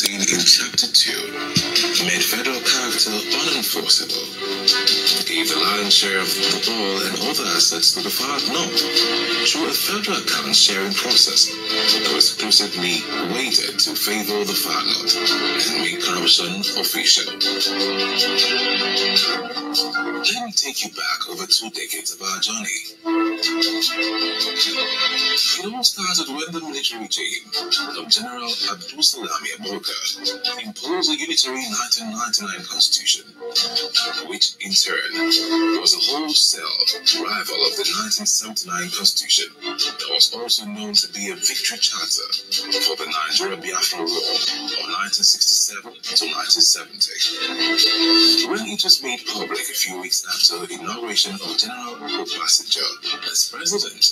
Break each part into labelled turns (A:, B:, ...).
A: in
B: chapter 2 made federal character unenforceable, gave the lion's share of the oil and other assets to the Far North. through a federal account sharing process that was exclusively weighted to favor the Far North and make corruption official. Let me take you back over two decades of our journey. It all started when the military regime of General Abdul Salami Aboka imposed a unitary 1999 constitution, which in turn was a wholesale rival of the 1979 constitution that was also known to be a victory charter for the Nigeria Biafra War of 1967 to 1970. When it was made public a few weeks after the inauguration of General Obasanjo as president,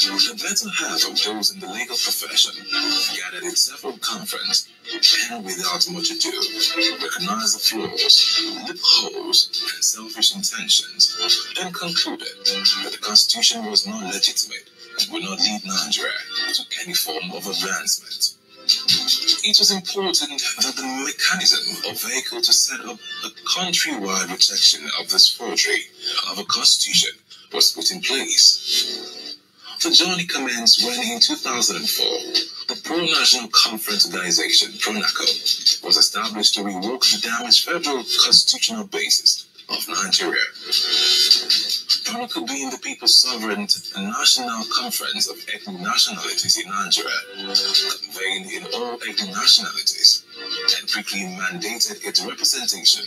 B: the better half of those in the legal profession gathered in several conferences and without much ado, recognized the flaws, loopholes, and selfish intentions, and concluded that the Constitution was not legitimate and would not lead Nigeria to any form of advancement. It was important that the mechanism or vehicle to set up a countrywide rejection of this forgery of a constitution was put in place. For Johnny commenced when in 2004, the Pro-National Conference Organization, PRONACO, was established to rework the damaged federal constitutional basis of Nigeria. PRONACO being the People's Sovereign National Conference of Ethnic Nationalities in Nigeria, convened in all ethnic nationalities technically mandated its representation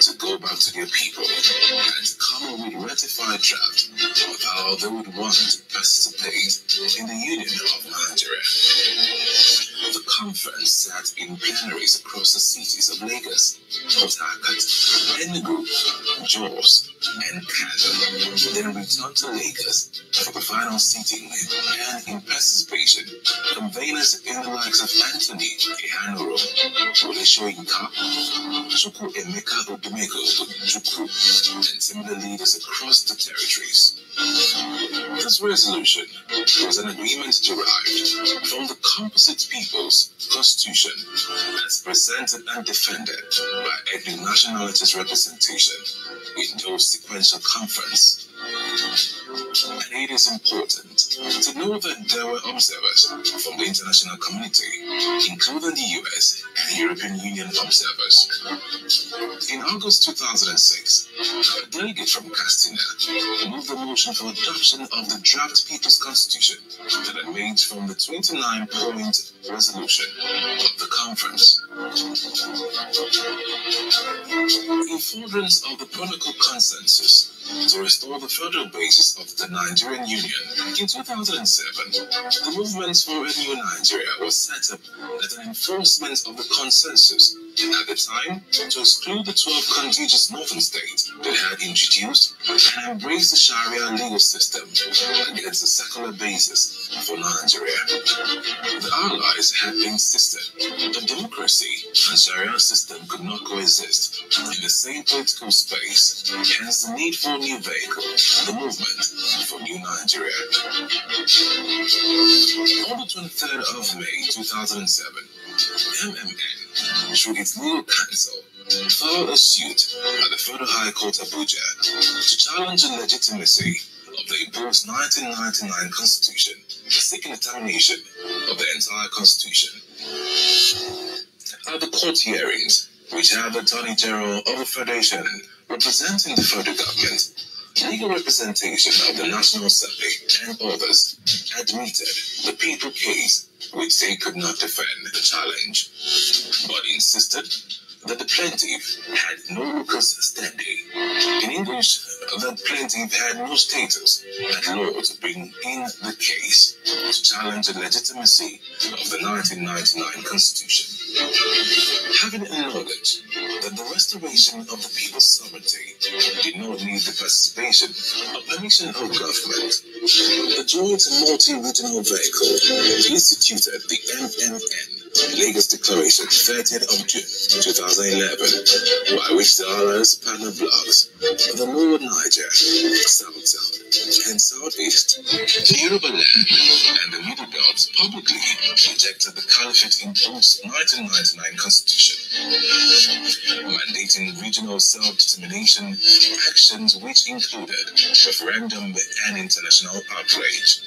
B: to go back to their people and to come up with ratified draft of how they would want to participate in the Union of Nigeria of the conference that in plenaries across the cities of Lagos, Port Harcourt, Enugu, Jos, and Kano, then returned to Lagos for the final seating and in participation, conveyors in the likes of Anthony Ehanuro, Olesho Inka, Chukwu Emeka Odumego, Chukwu, and similar leaders across the territories. This resolution was an agreement derived from the composite people Constitution, as presented and defended by every nationality's representation with no sequential conference and it is important to know that there were observers from the international community, including the US and European Union observers. In August 2006, a delegate from Castina moved a motion for adoption of the draft People's Constitution that emerged from the 29 point resolution of the conference. In furtherance of the protocol consensus, to restore the federal basis of the Nigerian Union. In 2007, the Movement for a New Nigeria was set up as an enforcement of the consensus at the time to exclude the 12 contiguous northern states that had introduced and embraced the Sharia legal system against a secular basis for Nigeria. The allies had insisted that democracy and Sharia system could not coexist in the same political space, hence the need for new vehicle, the movement for New Nigeria. On the 23rd of May 2007, MMN, through its legal counsel, filed a suit at the Federal High Court Abuja to challenge the legitimacy of the imposed 1999 Constitution, seeking the termination of the entire Constitution. At the court hearings, which had the Attorney General of the Federation representing the federal government, legal representation of the National Assembly, and others admitted the paper case, which they could not defend the challenge, but insisted that the plaintiff had no local standing. In English, that plaintiff had no status at law to bring in the case to challenge the legitimacy of the 1999 Constitution. Having acknowledged that the restoration of the people's sovereignty did not need the participation of the of government, the joint multi-regional vehicle instituted the MMN Lagos Declaration, 30th of June, 2011, by which the alliance partner blocks of the Northern Niger, South South, and Southeast, Yoruba land, and the Middle Belt publicly rejected the Caliphate in Bruce 1999 constitution, mandating regional self-determination actions which included referendum and international outrage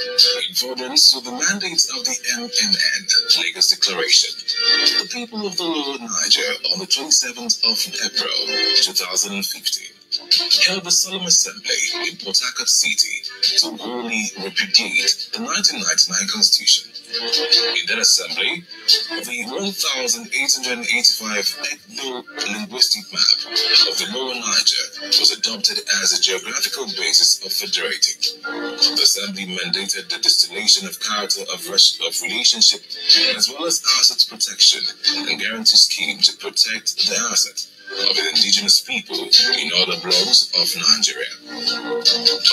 B: in accordance with the mandates of the MNN Lagos Declaration. The people of the Lower Niger on the 27th of April 2015 However, Solomon Sempe, in Port Harcourt city, to wholly repudiate the 1999 constitution. In that assembly, the 1,885 ethno-linguistic map of the Lower Niger was adopted as a geographical basis of federating. The assembly mandated the destination of character of, of relationship as well as asset protection and guarantee scheme to protect the asset of indigenous people in other blocks of Nigeria.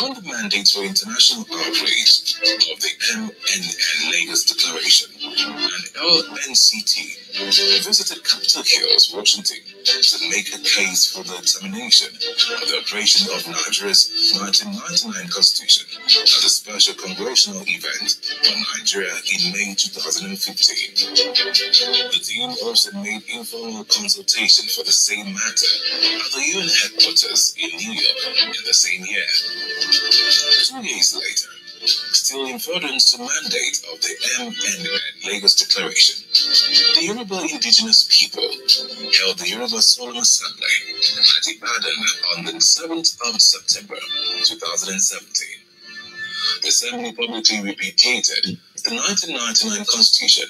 B: On the mandate for international outreach of the MNN Lagos Declaration and LNCT visited Capitol Hills, Washington to make a case for the termination of the operation of Nigeria's 1999 constitution at a special congressional event on Nigeria in May 2015. The team also made informal consultation for the same matter at the UN headquarters in New York in the same year. Two years later, still in furtherance to mandate of the MN Lagos Declaration. The Yoruba indigenous people held the Yoruba Solemn Assembly at Ibadan on the 7th of September 2017. The assembly publicly repudiated the 1999 Constitution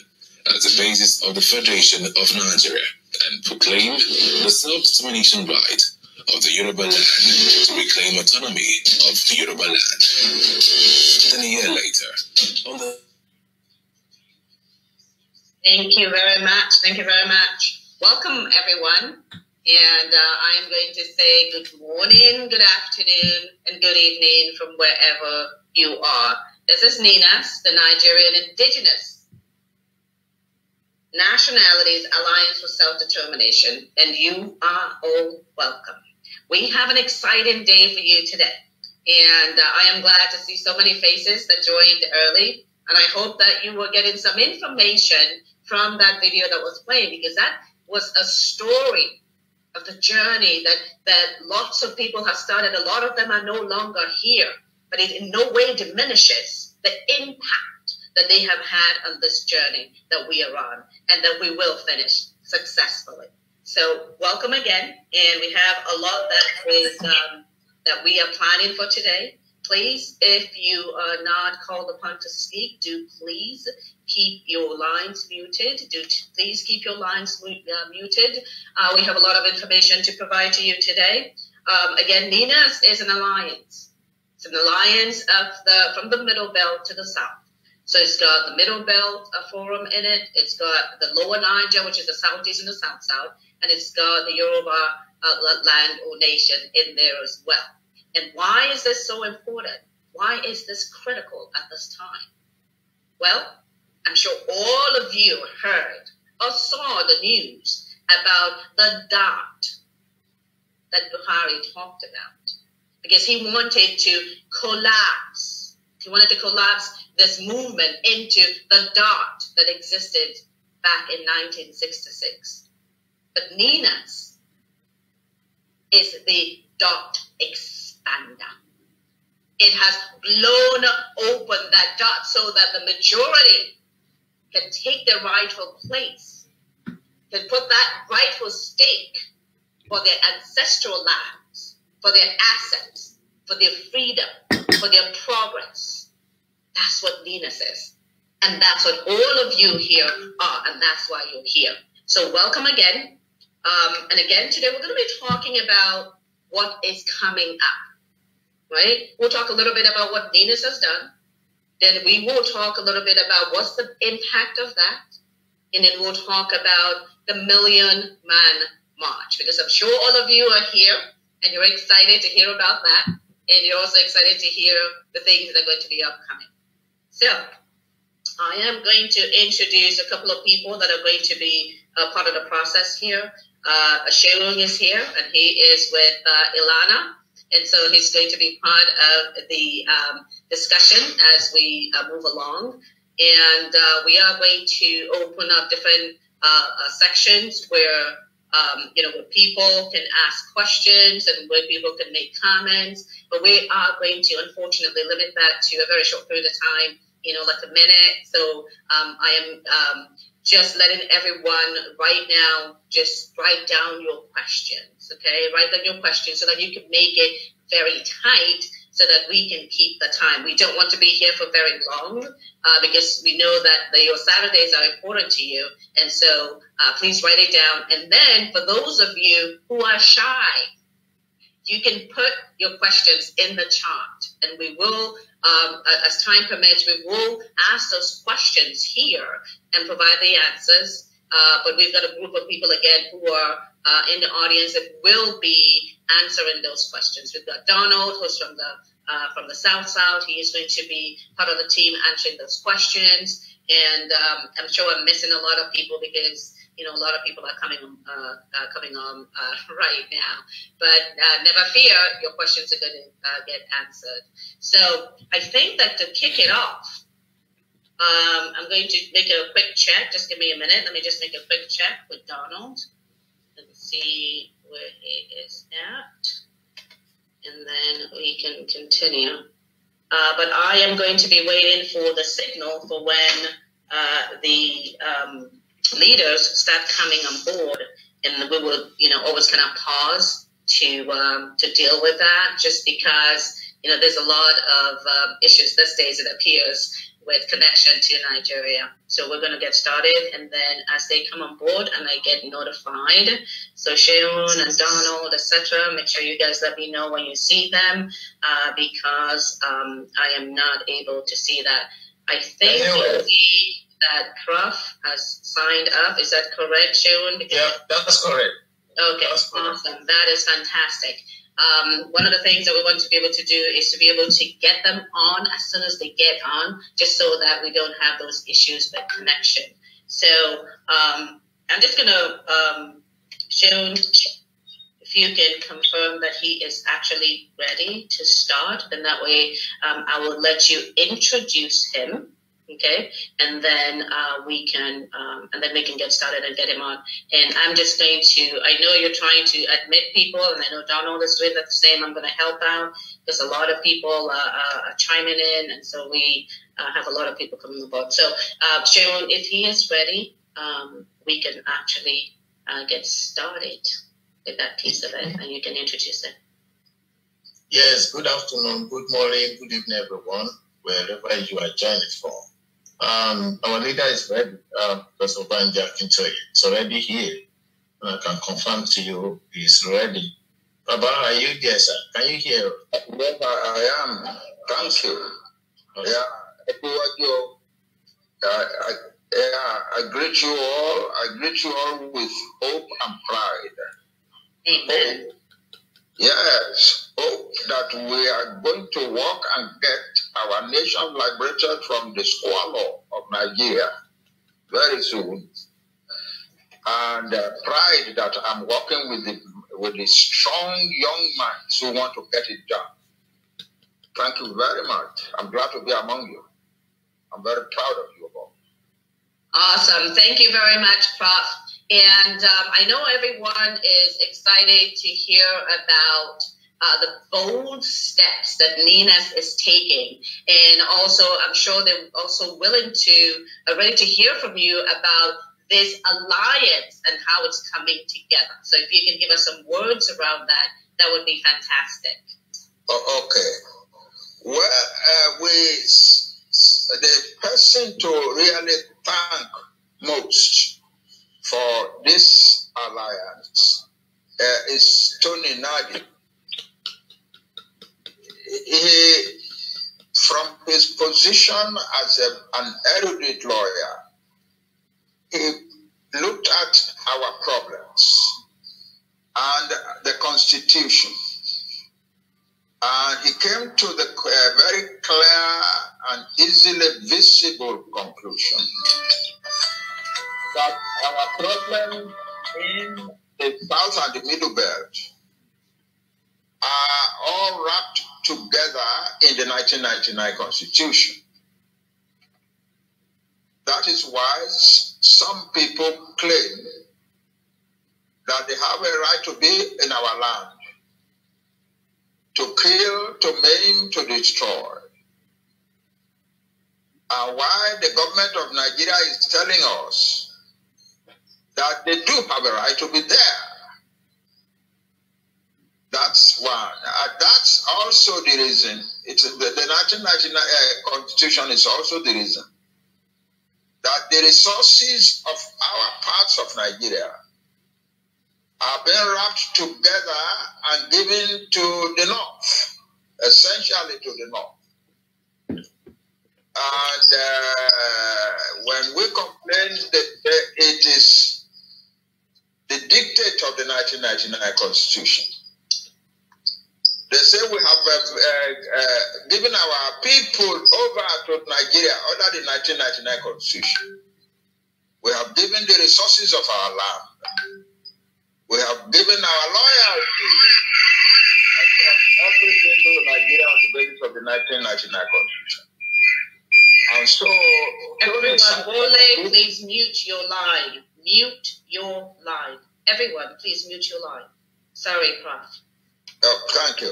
B: as the basis of the Federation of Nigeria and proclaimed the self-determination right of the Yoruba land to reclaim autonomy of the Yoruba land. Then a year later,
C: on the Thank you very much. Thank you very much. Welcome, everyone. And uh, I'm going to say good morning, good afternoon, and good evening from wherever you are. This is NINAS, the Nigerian Indigenous Nationalities Alliance for Self Determination, and you are all welcome we have an exciting day for you today. And uh, I am glad to see so many faces that joined early. And I hope that you were getting some information from that video that was playing because that was a story of the journey that, that lots of people have started. A lot of them are no longer here, but it in no way diminishes the impact that they have had on this journey that we are on and that we will finish successfully. So welcome again, and we have a lot that is um, that we are planning for today. Please, if you are not called upon to speak, do please keep your lines muted. Do please keep your lines uh, muted. Uh, we have a lot of information to provide to you today. Um, again, NINAS is an alliance. It's an alliance of the from the Middle Belt to the South. So it's got the Middle Belt Forum in it. It's got the Lower Niger, which is the southeast and the south south, and it's got the Yoruba uh, land or nation in there as well. And why is this so important? Why is this critical at this time? Well, I'm sure all of you heard or saw the news about the dot that Buhari talked about because he wanted to collapse. He wanted to collapse this movement into the dot that existed back in 1966. But Nina's is the dot expander. It has blown open that dot so that the majority can take their rightful place, can put that rightful stake for their ancestral lands, for their assets, for their freedom, for their progress. That's what Venus is. And that's what all of you here are, and that's why you're here. So, welcome again. Um, and again, today we're going to be talking about what is coming up, right? We'll talk a little bit about what Venus has done. Then we will talk a little bit about what's the impact of that. And then we'll talk about the Million Man March, because I'm sure all of you are here and you're excited to hear about that. And you're also excited to hear the things that are going to be upcoming. So I am going to introduce a couple of people that are going to be uh, part of the process here. Uh, Sharon is here, and he is with uh, Ilana, and so he's going to be part of the um, discussion as we uh, move along. And uh, we are going to open up different uh, sections where um, you know where people can ask questions and where people can make comments. But we are going to unfortunately limit that to a very short period of time you know, like a minute. So um, I am um, just letting everyone right now just write down your questions, okay? Write down your questions so that you can make it very tight so that we can keep the time. We don't want to be here for very long uh, because we know that the, your Saturdays are important to you. And so uh, please write it down. And then for those of you who are shy, you can put your questions in the chat and we will um, as time permits we will ask those questions here and provide the answers uh, but we've got a group of people again who are uh, in the audience that will be answering those questions we've got donald who's from the uh, from the south south he is going to be part of the team answering those questions and um, i'm sure i'm missing a lot of people because you know a lot of people are coming uh, uh, coming on uh, right now. But uh, never fear, your questions are going to uh, get answered. So I think that to kick it off, um, I'm going to make a quick check. Just give me a minute. Let me just make a quick check with Donald and see where he is at, and then we can continue. Uh, but I am going to be waiting for the signal for when the um, leaders start coming on board, and we will, you know, always kind of pause to um, to deal with that, just because you know there's a lot of um, issues these days it appears with connection to Nigeria. So we're going to get started, and then as they come on board and they get notified, so Sharon and Donald, etc., make sure you guys let me know when you see them, uh, because um, I am not able to see that. I think. Anyway that Prof has signed up. Is that correct, June? Yeah, that's correct. Okay, that's correct. awesome. That is fantastic. Um, one of the things that we want to be able to do is to be able to get them on as soon as they get on, just so that we don't have those issues with connection. So um, I'm just going to, um, if you can confirm that he is actually ready to start, then that way um, I will let you introduce him okay and then uh, we can um, and then we can get started and get him on and i'm just going to i know you're trying to admit people and i know donald is doing the same i'm going to help out because a lot of people uh, uh, are chiming in and so we uh, have a lot of people coming aboard so uh, Sharon, if he is ready um, we can actually uh, get started with that piece of it and you can introduce it
D: yes good afternoon good morning good evening everyone wherever you are joining from um, our leader is ready, uh, Professor Banja you. It's already here.
E: And I can confirm to you he's ready. Baba, are you there, sir? Can you hear? Yes, I am. Thank you. Yeah, I, I, I greet you all. I greet you all with hope and pride. Amen. Yes, hope that we are going to work and get our nation liberated from the squalor of Nigeria very soon. And uh, pride that I'm working with the, with the strong young minds who want to get it done. Thank you very much. I'm glad to be among you. I'm very proud of you all.
C: Awesome. Thank you very much, Prof. And um, I know everyone is excited to hear about uh, the bold steps that Nines is taking. And also, I'm sure they're also willing to, uh, ready to hear from you about this alliance and how it's coming together. So if you can give us some words around that, that would be fantastic.
E: Oh, okay. Well, uh, we, the person to really thank most for this alliance uh, is Tony Nadi. He, from his position as a, an erudite lawyer, he looked at our problems and the Constitution. And he came to the uh, very clear and easily visible conclusion that our
A: problem in
E: the South and the Middle Belt are all wrapped together in the 1999 Constitution. That is why some people claim that they have a right to be in our land, to kill, to maim, to destroy. And why the government of Nigeria is telling us that they do have a right to be there. That's one. Uh, that's also the reason. It's the, the 1999 uh, Constitution is also the reason that the resources of our parts of Nigeria are being wrapped together and given to the North, essentially to the North. And uh, when we complain that it is the dictate of the 1999 Constitution. They say we have uh, uh, uh given our people over to Nigeria under the 1999 Constitution. We have given the resources of our land. We have given our loyalty every to Nigeria on the basis of the 1999 Constitution. And so,
C: everyone, please mute your line mute your line. Everyone, please mute your line. Sorry, Prof.
E: Oh, thank you.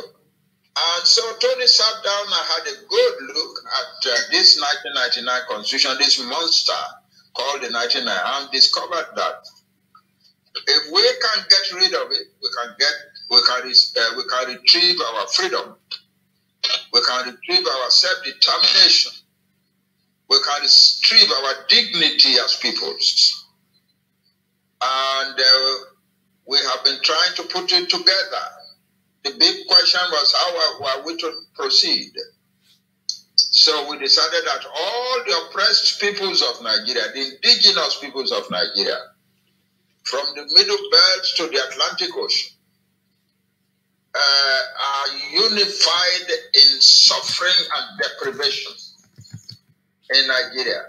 E: And so Tony sat down and had a good look at uh, this 1999 constitution, this monster called the 1999, and discovered that if we can get rid of it, we can get, we can, uh, we can retrieve our freedom, we can retrieve our self-determination, we can retrieve our dignity as peoples and uh, we have been trying to put it together. The big question was how are we to proceed? So we decided that all the oppressed peoples of Nigeria, the indigenous peoples of Nigeria, from the Middle Belt to the Atlantic Ocean, uh, are unified in suffering and deprivation in Nigeria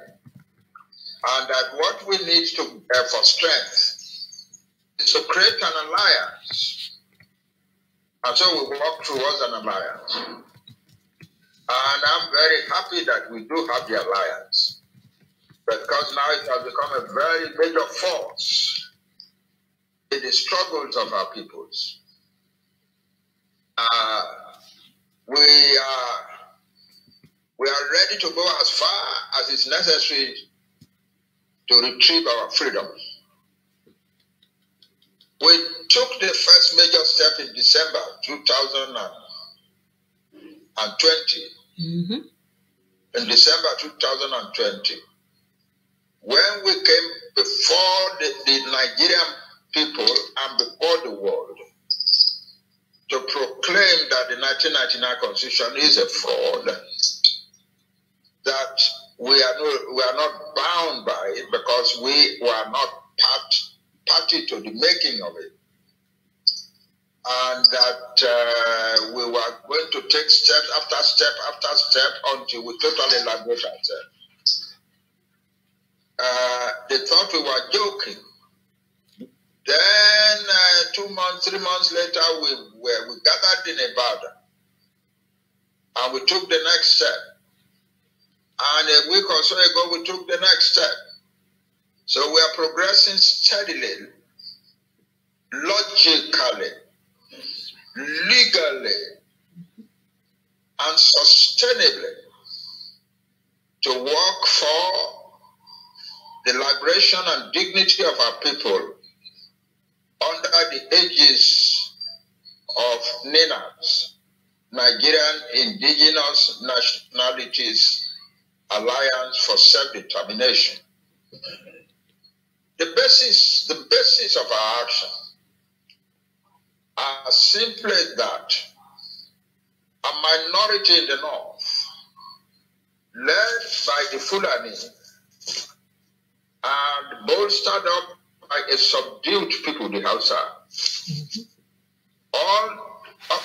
E: and that what we need to uh, for strength is to create an alliance. And so we walk towards an alliance. And I'm very happy that we do have the alliance because now it has become a very major force in the struggles of our peoples. Uh, we are we are ready to go as far as is necessary to retrieve our freedom. We took the first major step in December 2020. Mm -hmm. In December 2020, when we came before the, the Nigerian people and before the world to proclaim that the 1999 Constitution is a fraud, that we are no, we are not bound by it because we were not part party to the making of it, and that uh, we were going to take step after step after step until we totally liberate ourselves. Uh, they thought we were joking. Then uh, two months, three months later, we, we, we gathered in a Ibadan and we took the next step. And a week or so ago, we took the next step. So we are progressing steadily, logically, legally, and sustainably to work for the liberation and dignity of our people under the aegis of NINAS, Nigerian Indigenous Nationalities Alliance for Self-Determination. The basis, the basis of our action are simply that a minority in the north, led by the Fulani and bolstered up by a subdued people, the Hausa, all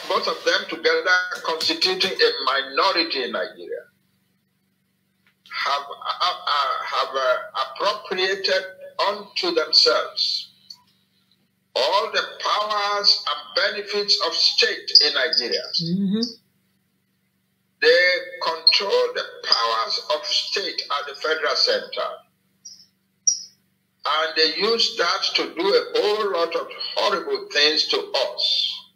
E: both of them together constituting a minority in Nigeria have, have, uh, have uh, appropriated unto themselves all the powers and benefits of state in Nigeria. Mm-hmm. They control the powers of state at the federal center. And they use that to do a whole lot of horrible things to us.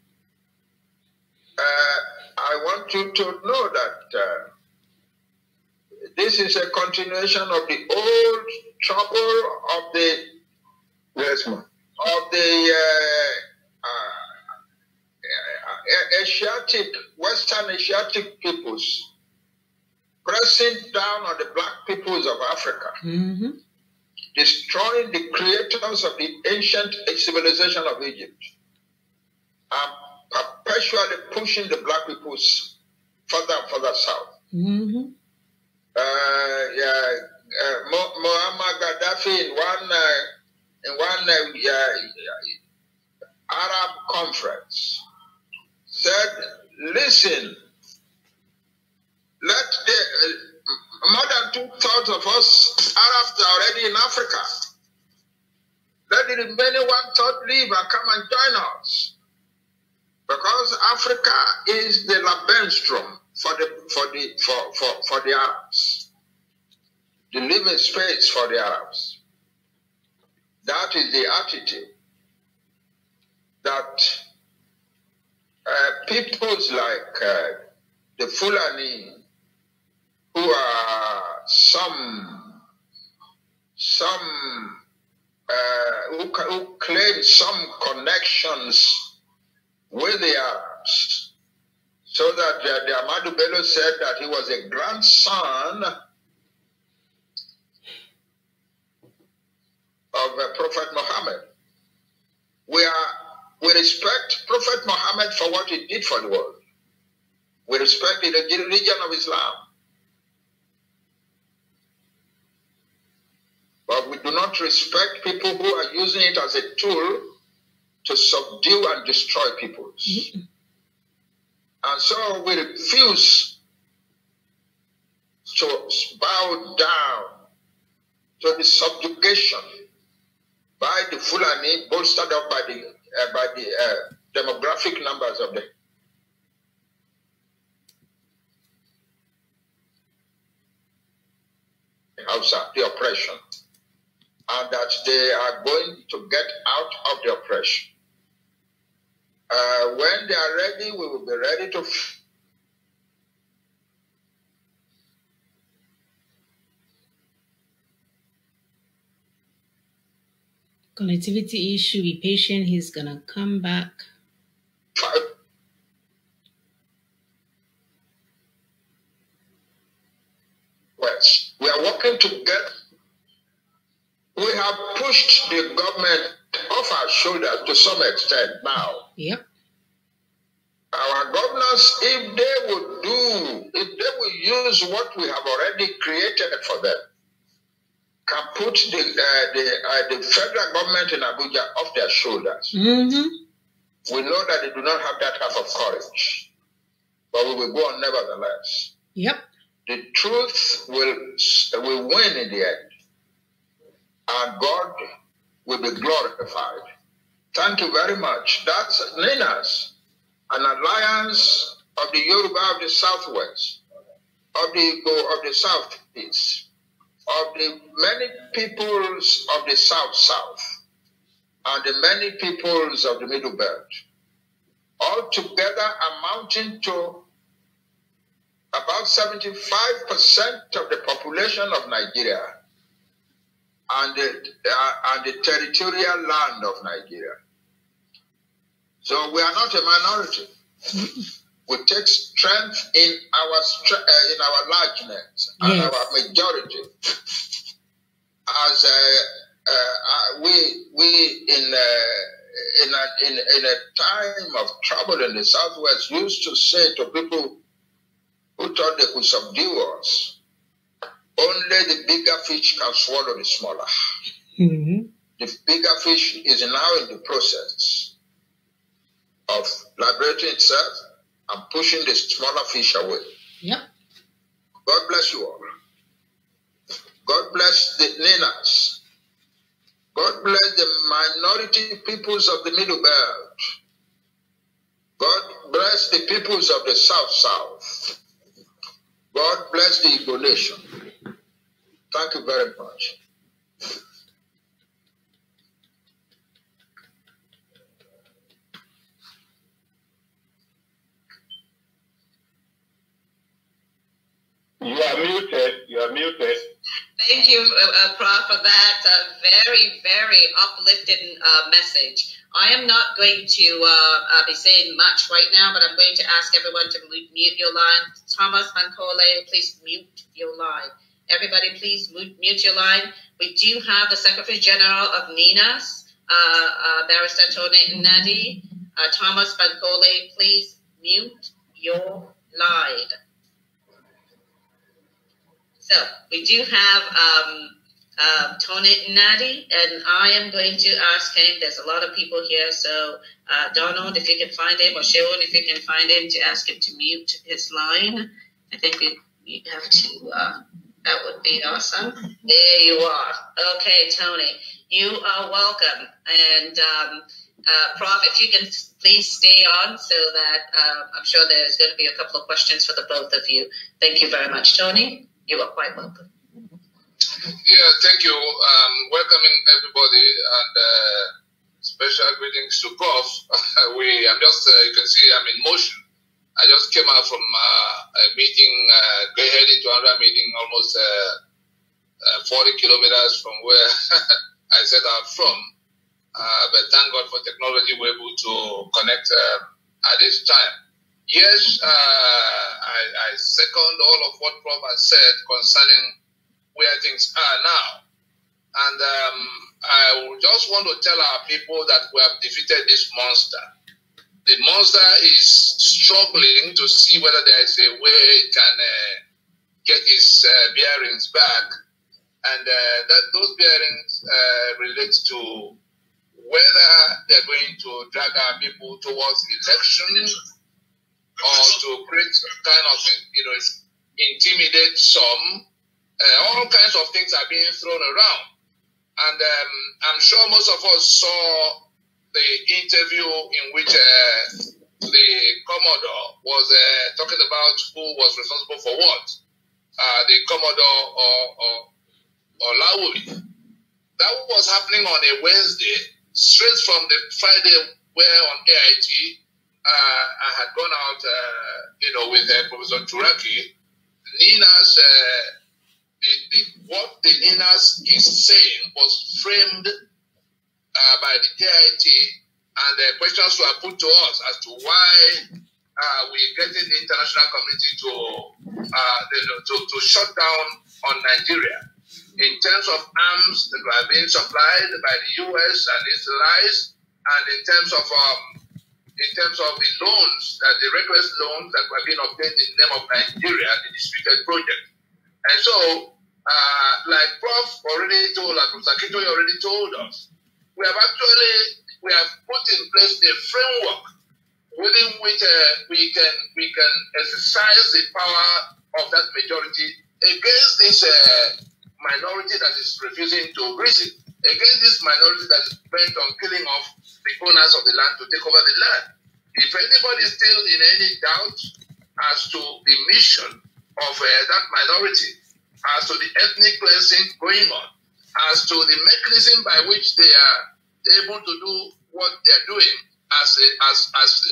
E: Uh, I want you to know that. Uh, this is a continuation of the old trouble of the yes, of the uh, uh, uh, Asiatic Western Asiatic peoples pressing down on the black peoples of Africa, mm-hmm. destroying the creators of the ancient civilization of Egypt, and perpetually pushing the black peoples further and further south. Mm-hmm uh, yeah, uh, Muammar Gaddafi in one uh, in one uh, Arab conference said, "Listen, let the, uh, more than two thirds of us Arabs are already in Africa. Let the remaining one third leave and come and join us." Because Africa is the Labenstrom for the for the for, for, for the Arabs. The living space for the Arabs. That is the attitude that uh, peoples like uh, the Fulani, who are some some uh, who, who claim some connections with the Arabs so that the Amadu Bello said that he was a grandson of uh, Prophet Muhammad. We, are, we respect Prophet Muhammad for what he did for the world. We respect the religion of Islam. But we do not respect people who are using it as a tool to subdue and destroy peoples. Mm -hmm and some will refuse to bow down to the subjugation by the Fulani, bolstered up by the uh, by the uh, demographic numbers of them. Hausa, the oppression, and that they are going to get out of the oppression. Uh, when they are ready, we will be ready to.
F: Connectivity issue, be patient. He's going to come back. We are
A: working
E: together. We have pushed the government off our shoulders to some extent now. Yep. Our governors, if they would do, if they would use what we have already created for them, can put the uh, the, uh, the federal government in Abuja off their shoulders. Mm-hmm. We know that they do not have that type of courage, but we will go on nevertheless. Yep. The truth will will win in the end, and God will be glorified. Thank you very much. That's Ninas, an alliance of the Yoruba of the Southwest, of the Igbo of the Southeast, of the many peoples of the South-South, and the many peoples of the Middle Belt, all together amounting to about 75% of the population of Nigeria and the, uh, and the territorial land of Nigeria. So we are not a minority. we take strength in our uh, in our largeness and yes. our majority. As uh, uh, uh we we in uh, in a, in, in a time of trouble in the Southwest used to say to people who thought they could subdue us, only the bigger fish can swallow the smaller. Mm-hmm. The bigger fish is now in the process of liberating itself and pushing the smaller fish away. Yeah. God bless you all. God bless the Ninas. God bless the minority peoples of the Middle Belt. God bless the peoples of the South South. God bless the Igbo nation. Thank you very much.
D: You are muted. You are muted.
C: Thank you, uh, uh Prof, for that uh, very, very uplifting uh, message. I am not going to uh, uh, be saying much right now, but I'm going to ask everyone to mute your line. Thomas Mancole, please mute your line. Everybody, please mute your line. We do have the Secretary General of NINAS, uh, uh, Barrister Tony Nadi, uh, Thomas Bancole. Please mute your line. So we do have um, uh, Tony Nadi, and I am going to ask him. There's a lot of people here, so uh, Donald, if you can find him, or Sharon, if you can find him, to ask him to mute his line. I think we, we have to. Uh, that would be mm-hmm. awesome. There you are. Okay, Tony, you are welcome. And um, uh, Prof, if you can please stay on so that uh, I'm sure there's going to be a couple of questions for the both of you. Thank you very much, Tony. You are quite welcome. Yeah,
G: thank you. Um, welcoming everybody and uh, special greetings to Prof. we, I'm just, uh, you can see I'm in motion I just came out from uh, a meeting, going heading to another meeting almost uh, uh, 40 kilometers from where I said I'm from. but thank God for technology, we're able to connect at this time. Yes, uh, I, I, second all of what Prof has said concerning where things are now. And um, I just want to tell our people that we have defeated this monster the monster is struggling to see whether there is a way it can uh, get its uh, bearings back. And uh, that those bearings uh, relate to whether they're going to drag our people towards election or to create kind of, you know, intimidate some. Uh, all kinds of things are being thrown around. And um, I'm sure most of us saw the interview in which uh, the Commodore was uh, talking about who was responsible for what. Uh, the Commodore or, or, or That was happening on a Wednesday, straight from the Friday where on AIT uh, I had gone out, uh, you know, with uh, Professor Turaki. Nina's, the, the, what the Nina's is saying was framed uh, by the KIT, and the uh, questions were put to us as to why uh, we're getting the international community to, uh, to, to shut down on Nigeria in terms of arms that were being supplied by the U.S. and its allies, and in terms of um, in terms of the loans, that uh, the reckless loans that were being obtained in the name of Nigeria, the disputed project. And so, uh, like Prof already told, like Prof Sakito already told us, we have actually we have put in place a framework within which uh, we can we can exercise the power of that majority against this uh, minority that is refusing to reason, against this minority that is bent on killing off the owners of the land to take over the land. If anybody is still in any doubt as to the mission of uh, that minority, as to the ethnic cleansing going on, as to the mechanism by which they are able to do what they are doing as a, as, as, a,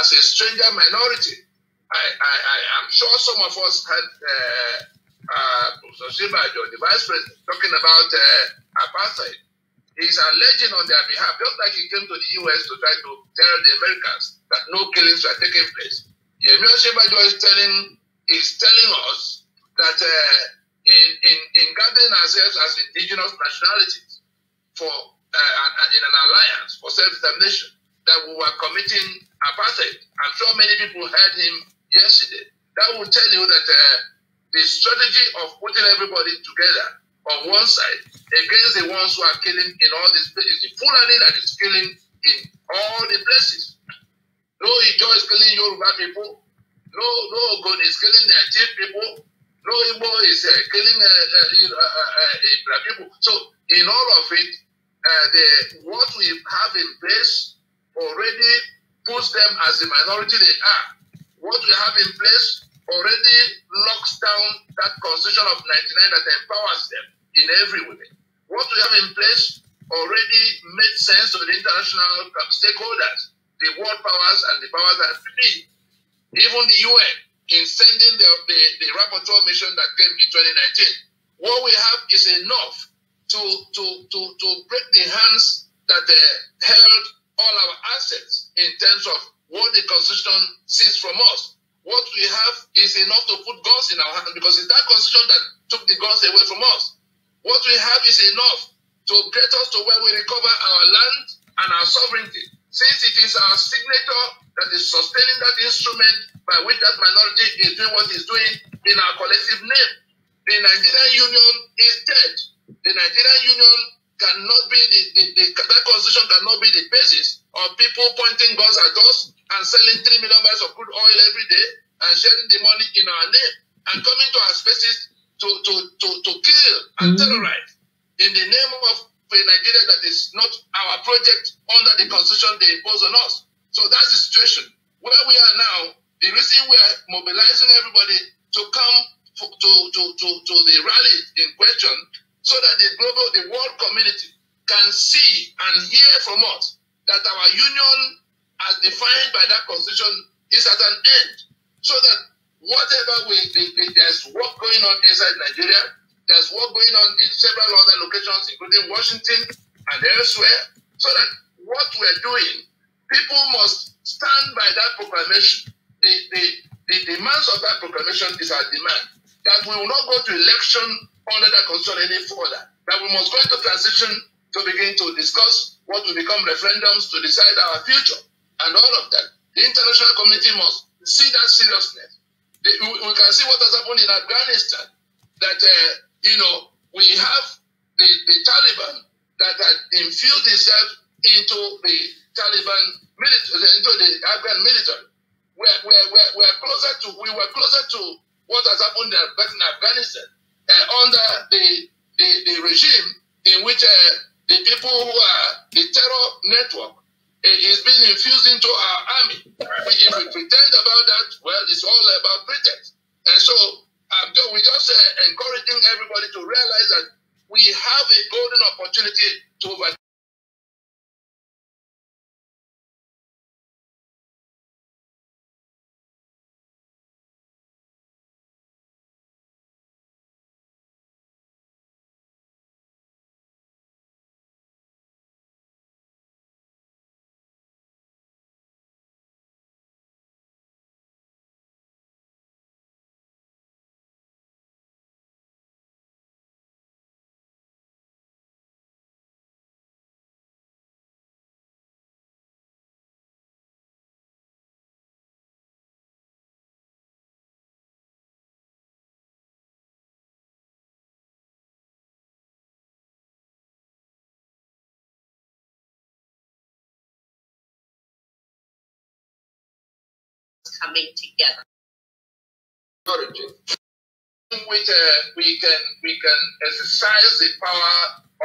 G: as a stranger minority. I, I, I am sure some of us had uh, uh, Professor the vice president, talking about uh, apartheid. He's alleging on their behalf, just like he came to the US to try to tell the Americans that no killings were taking place. Yemio Sibajo is telling, is telling us that. Uh, in, in, in gathering ourselves as indigenous nationalities for uh, in an alliance for self-determination that we were committing apartheid. I'm sure many people heard him yesterday. That will tell you that uh, the strategy of putting everybody together on one side against the ones who are killing in all these places, the Fulani that is killing in all the places. No Ijo is killing Yoruba people. No, no Ogun is killing their chief people. No Igbo is uh, killing uh, uh, people. So in all of it, the what we have in place already puts them as the minority they are. What we have in place already locks down that constitution of 99 that empowers them in every way. What we have in place already made sense to the international stakeholders, the world powers and the powers that be, even the UN in sending the, the, the rapporteur mission that came in 2019. What we have is enough to, to, to, to break the hands that uh, held all our assets in terms of what the constitution sees from us. What we have is enough to put guns in our hands because it's that constitution that took the guns away from us. What we have is enough to get us to where we recover our land and our sovereignty since it is our signature that is sustaining that instrument by which that minority is doing what it's doing in our collective name. The Nigerian Union is dead. The Nigerian Union cannot be the, the, the that constitution cannot be the basis of people pointing guns at us and selling three million barrels of crude oil every day and sharing the money in our name and coming to our spaces to to to, to kill and mm-hmm. terrorize in the name of in Nigeria that is not our project under the constitution they impose on us. So that's the situation. Where we are now, the reason we are mobilizing everybody to come to, to, to, to the rally in question so that the global, the world community can see and hear from us that our union, as defined by that constitution, is at an end. So that whatever we, there's work going on inside Nigeria, There's work going on in several other locations, including Washington and elsewhere, so that what we're doing, people must stand by that proclamation. The, the, the demands of that proclamation is our demand that we will not go to election under that constitution any further, that we must go into transition to begin to discuss what will become referendums to decide our future and all of that. The international community must see that seriousness. They, we, we, can see what has happened in Afghanistan, that uh, you know, we have the, the Taliban that had infused itself into the Taliban military, into the Afghan military. We're, we're, we're, we're closer to, we were closer to what has happened in Afghanistan uh, under the, the, the, regime in which uh, the people who are the terror network uh, is being infused into our army. If we pretend about that, well, it's all about pretext. And so um, we just uh, encouraging everybody to realize that
A: we have a golden opportunity to overcome. coming together. with uh, we can we can
G: exercise the power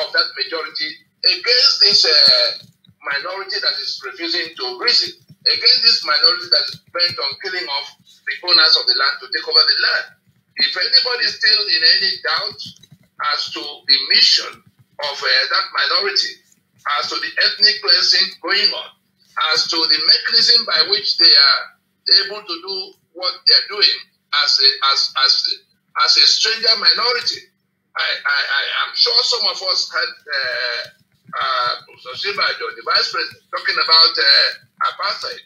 G: of that majority against this uh, minority that is refusing to reason, against this minority that is bent on killing off the owners of the land to take over the land. If anybody is still in any doubt as to the mission of uh, that minority, as to the ethnic cleansing going on, as to the mechanism by which they are able to do what they're doing as a as as as a stranger minority. I, I, I am sure some of us had uh, uh, the vice president, talking about uh, apartheid.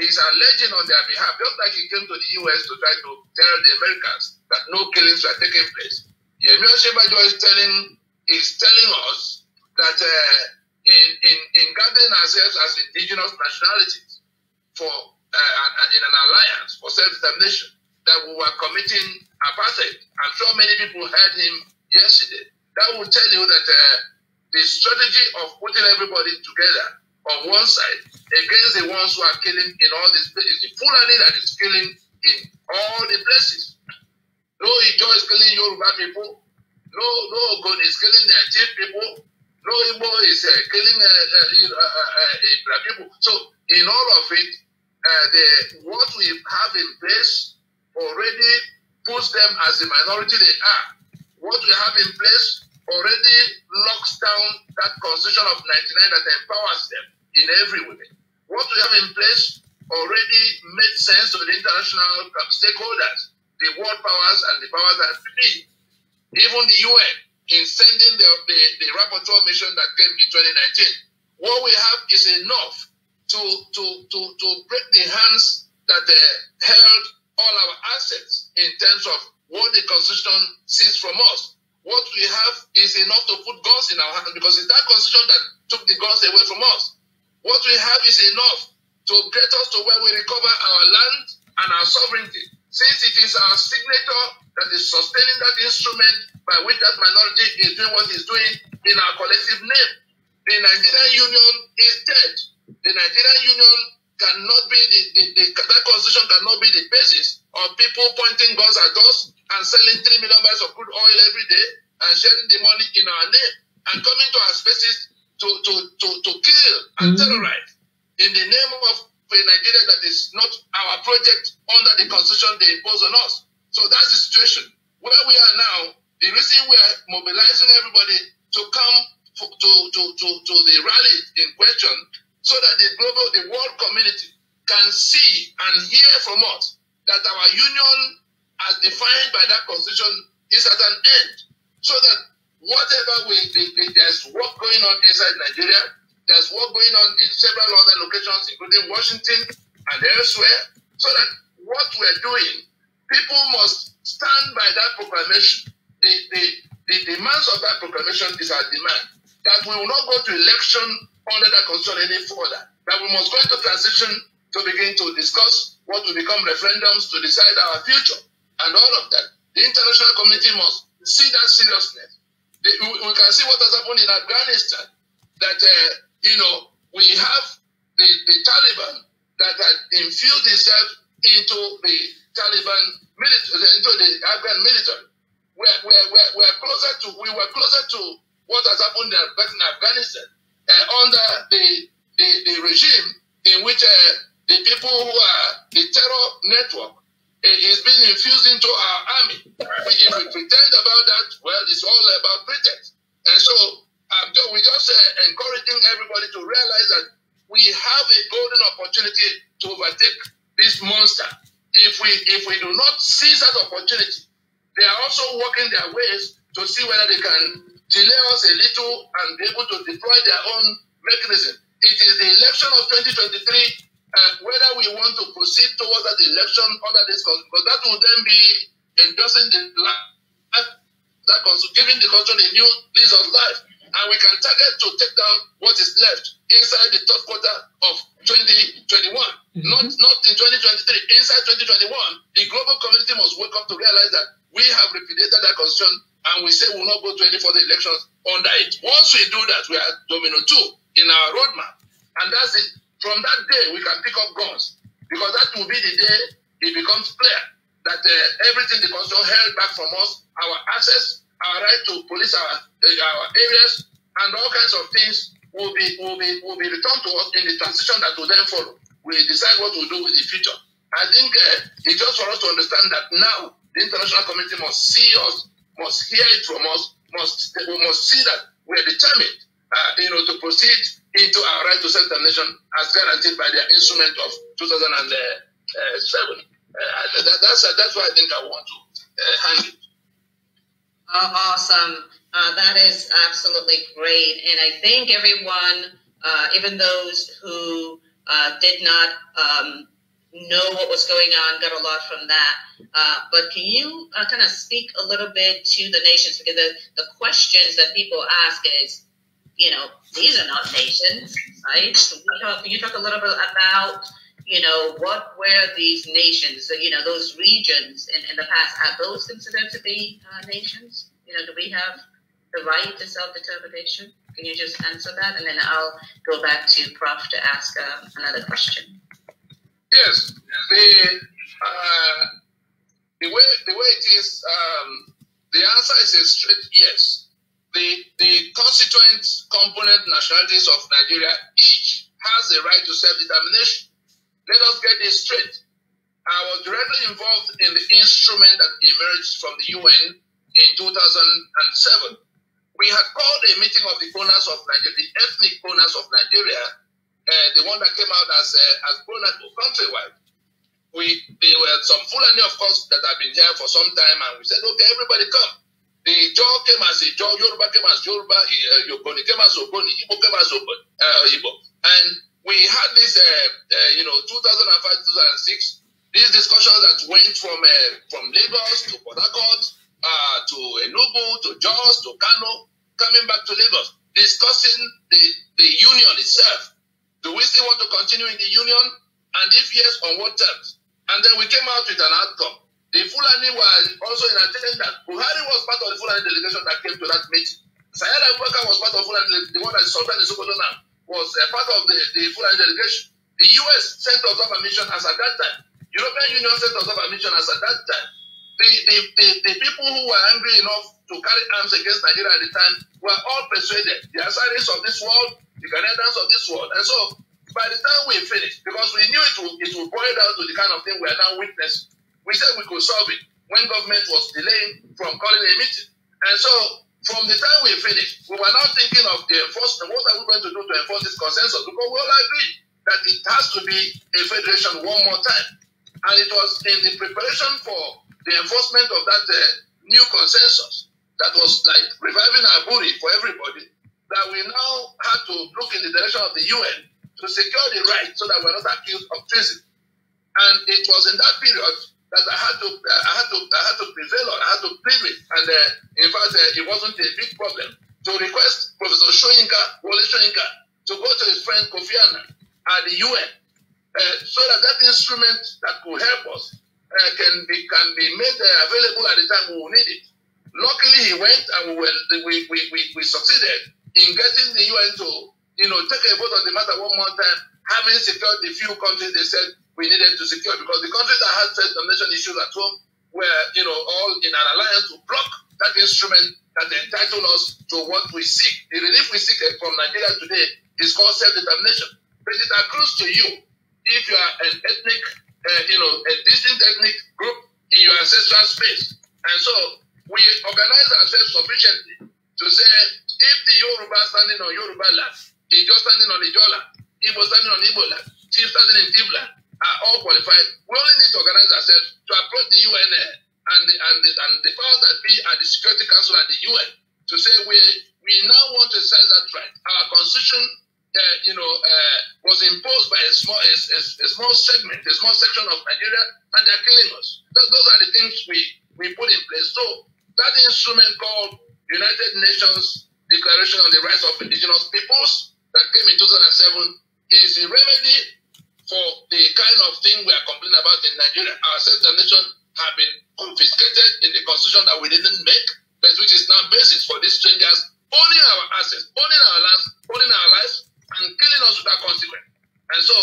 G: He's alleging on their behalf, just like he came to the U.S. to try to tell the Americans that no killings were taking place. Yemi Oshibajo is telling is telling us that uh, in, in in gathering ourselves as indigenous nationalities for uh, in an alliance for self determination that we were committing apartheid. I'm sure many people heard him yesterday. That will tell you that uh, the strategy of putting everybody together on one side against the ones who are killing in all these places, the Fulani that is killing in all the places. No Ijo is killing Yoruba people. No, no Ogun is killing their chief people. No Igbo is uh, killing uh, uh, uh, uh people. So in all of it, uh, the, what we have in place already puts them as the minority they are. What we have in place already locks down that constitution of 99 that empowers them in every way. What we have in place already made sense to the international stakeholders, the world powers and the powers that be. Even the UN in sending the, the, the rapporteur mission that came in 2019. What we have is enough to, to, to, to break the hands that uh, held all our assets in terms of what the Constitution sees from us. What we have is enough to put guns in our hands because it's that Constitution that took the guns away from us. What we have is enough to get us to where we recover our land and our sovereignty. Since it is our signature that is sustaining that instrument by which that minority is doing what it's doing in our collective name. The Nigerian Union is dead. The Nigerian Union cannot be the, the, the that constitution cannot be the basis of people pointing guns at us and selling three million barrels of crude oil every day and sharing the money in our name and coming to our spaces to to to, to kill and mm-hmm. terrorize in the name of a Nigeria that is not our project under the constitution they impose on us. So that's the situation. Where we are now, the reason we are mobilizing everybody to come to, to, to, to the rally in question so that the global, the world community can see and hear from us that our union, as defined by that constitution, is at an end. So that whatever we, there's work going on inside Nigeria, there's work going on in several other locations, including Washington and elsewhere, so that what we're doing, people must stand by that proclamation. The, the, the demands of that proclamation is our demand. that we will not go to election under that constitution any further, that we must go into transition to begin to discuss what will become referendums to decide our future and all of that. The international community must see that seriousness. They, we, we, can see what has happened in Afghanistan, that, uh, you know, we have the, the Taliban that had infused itself into the Taliban military, into the Afghan military. We we're, we're, we're closer to, we were closer to what has happened in Afghanistan uh, under the, the, the, regime in which uh, the people who are the terror network uh, is being infused into our army. If we pretend about that, well, it's all about pretext. And so um, we're just uh, encouraging everybody to realize that we have a golden opportunity to overtake this monster. If we if we do not seize that opportunity, they are also working their ways to see whether they can delay us a little and be able to deploy their own mechanism. It is the election of 2023, uh, whether we want to proceed towards that election under this, because that will then be endorsing the that giving the country a new lease of life. And we can target to take down what is left inside the third quarter of 2021. Mm-hmm. Not, not in 2023, inside 2021, the global community must wake up to realize that we have repudiated that constitution and we say we will not go to any further elections under it. Once we do that, we are domino two in our roadmap. And that's it. From that day, we can pick up guns because that will be the day it becomes clear that uh, everything the constitution held back from us, our access, our right to police our, uh, our areas, and all kinds of things will be, will, be, will be returned to us in the transition that will then follow. We decide what we'll do with the future. I think uh, it's just for us to understand that now The international community must see us, must hear it from us, must we must see that we are determined, uh, you know, to proceed into our right to self-determination as guaranteed by the instrument of 2007. Uh, that, that's uh, that's why I think I want to
C: uh, hang it. Oh, awesome. Uh, that is absolutely great. And I think everyone, even those who did not um, know what was going on, got a lot from that. Uh, but can you uh, kind of speak a little bit to the nations? Because the, the questions that people ask is, you know, these are not nations, right? So talk, can you talk a little bit about, you know, what were these nations, you know, those regions in, in the past? Are those considered to be uh, nations? You know, do we have the right to self determination? Can you just answer that? And then I'll go back to Prof to ask um, another question.
G: Yes, the uh, the way the way it is, um, the answer is a straight yes. The the constituent component nationalities of Nigeria each has a right to self determination. Let us get this straight. I was directly involved in the instrument that emerged from the UN in 2007. We had called a meeting of the owners of Nigeria, the ethnic owners of Nigeria, uh, the one that came out as uh, as Bruno countrywide. We there were some Fulani, of course, that have been here for some time, and we said, okay, everybody come. The Jaw came as a Jaw, Yoruba came as Yoruba, uh, came as Ogoni, Ibo came as Ibo. Uh, and we had this, uh, uh, you know, 2005, 2006, these discussions that went from uh, from Lagos to Port Harcourt, uh, to Enugu, to Jos, to Kano, coming back to Lagos, discussing the, the union itself Do we still want to continue in the union? And if yes, on what terms? And then we came out with an outcome. The Fulani was also in attendance. Buhari was part of the Fulani delegation that came to that meeting. Sayed Abubakar was part of Fulani, the one that survived the Sokoto now, was a uh, part of the, the Fulani delegation. The US sent us up a mission as at that time. European Union sent us up a mission as at that time. the, the, the, the people who were angry enough to carry arms against Nigeria at the time were all persuaded. The Asaris of this world, the Canadians of this world. And so by the time we finished, because we knew it would, it would boil down to the kind of thing we are now witnessing, we said we could solve it when government was delaying from calling a meeting. And so from the time we finished, we were now thinking of the enforcement. What are we going to do to enforce this consensus? Because we all agreed that it has to be a federation one more time. And it was in the preparation for the enforcement of that uh, new consensus that was like reviving our booty for everybody, that we now had to look in the direction of the UN to secure the right so that we're not accused of treason. And it was in that period that I had to, uh, I had to, I had to prevail on, I had to plead with, and uh, in fact, uh, it wasn't a big problem to request Professor Shoyinka, Wole Shoyinka, to go to his friend Kofi Annan at the UN, uh, so that that instrument that could help us uh, can be can be made uh, available at the time we will need it. Luckily, he went and we, were, we, we, we, we succeeded in getting the UN to you know take a vote on the matter one more time, having secured the few countries they said we needed to secure because the countries that had said domination issues at home were you know all in an alliance to block that instrument that entitled us to what we seek. The relief we seek eh, from Nigeria today is called self-determination. President, I close to you if you are an ethnic uh, you know, a distinct ethnic group in your ancestral space. And so we organize ourselves sufficiently to say if the Yoruba standing on Yoruba land, Ijo standing on Ijola, land, Igbo standing on Igbo land, Chief standing in Chief are all qualified. We only need to organize ourselves to approach the UN and the, and the, and the powers that be at the Security Council at the UN to say we, we now want to exercise that right. Our constitution that uh, you know, uh, was imposed by a small, a, a, a, small segment, a small section of Nigeria, and they're killing us. those are the things we, we put in place. So that instrument called United Nations Declaration on the Rights of Indigenous Peoples that came in 2007 is a remedy for the kind of thing we are complaining about in Nigeria. Our self nation, have been confiscated in the constitution that we didn't make, but which is now basis for these strangers owning our assets, owning our lands, owning our lives, and killing us without consequence. And so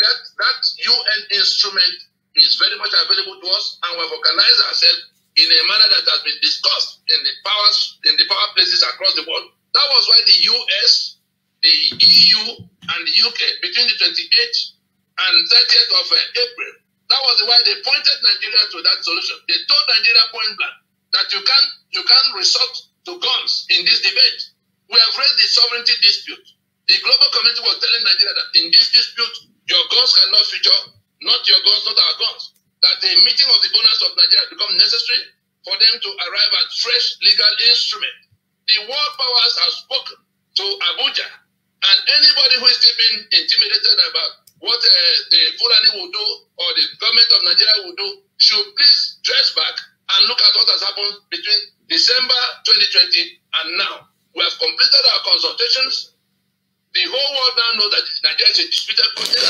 G: that that UN instrument is very much available to us, and we have organized ourselves in a manner that has been discussed in the powers in the power places across the world. That was why the US, the EU, and the UK between the 28th and 30th of uh, April. That was why they pointed Nigeria to that solution. They told Nigeria point blank that you can't you can't resort to guns in this debate. We have raised the sovereignty dispute. The global community was telling Nigeria that in this dispute, your guns cannot feature, not your guns, not our guns. That the meeting of the owners of Nigeria become necessary for them to arrive at fresh legal instrument. The world powers have spoken to Abuja, and anybody who is still being intimidated about what uh, the Fulani will do or the government of Nigeria will do should please dress back and look at what has happened between December 2020 and now. We have completed our consultations. The whole world now knows that Nigeria is a disputed country.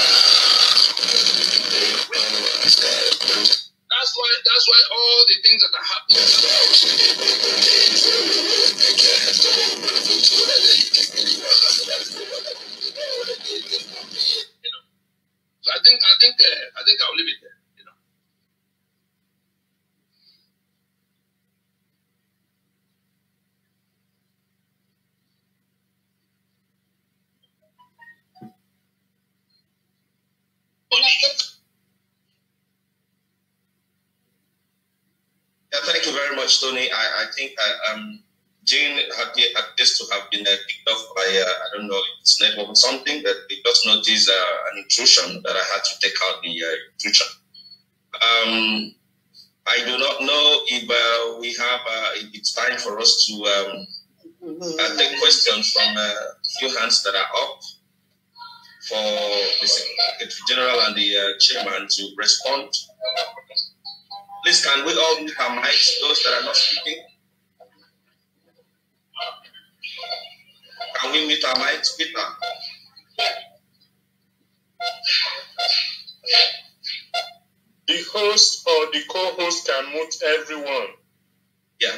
G: That's why that's why all the things that are happening. You know. So I think I think uh, I think I'll leave it there.
A: Yeah,
H: thank you very much, Tony. I, I think I, um, Jane had, this to have been uh, picked off by, uh, I don't know, it's network or something, but it just noticed uh, an intrusion that I had to take out the uh, intrusion. Um, I do not know if uh, we have, uh, it's time for us to um, uh, take questions from uh, a few hands that are up for uh, the Secretary General and the uh, Chairman to respond. Please, can we all mute our mics, those that are not speaking? Can we mute our mics, Peter? The host or the co-host can mute everyone. Yeah.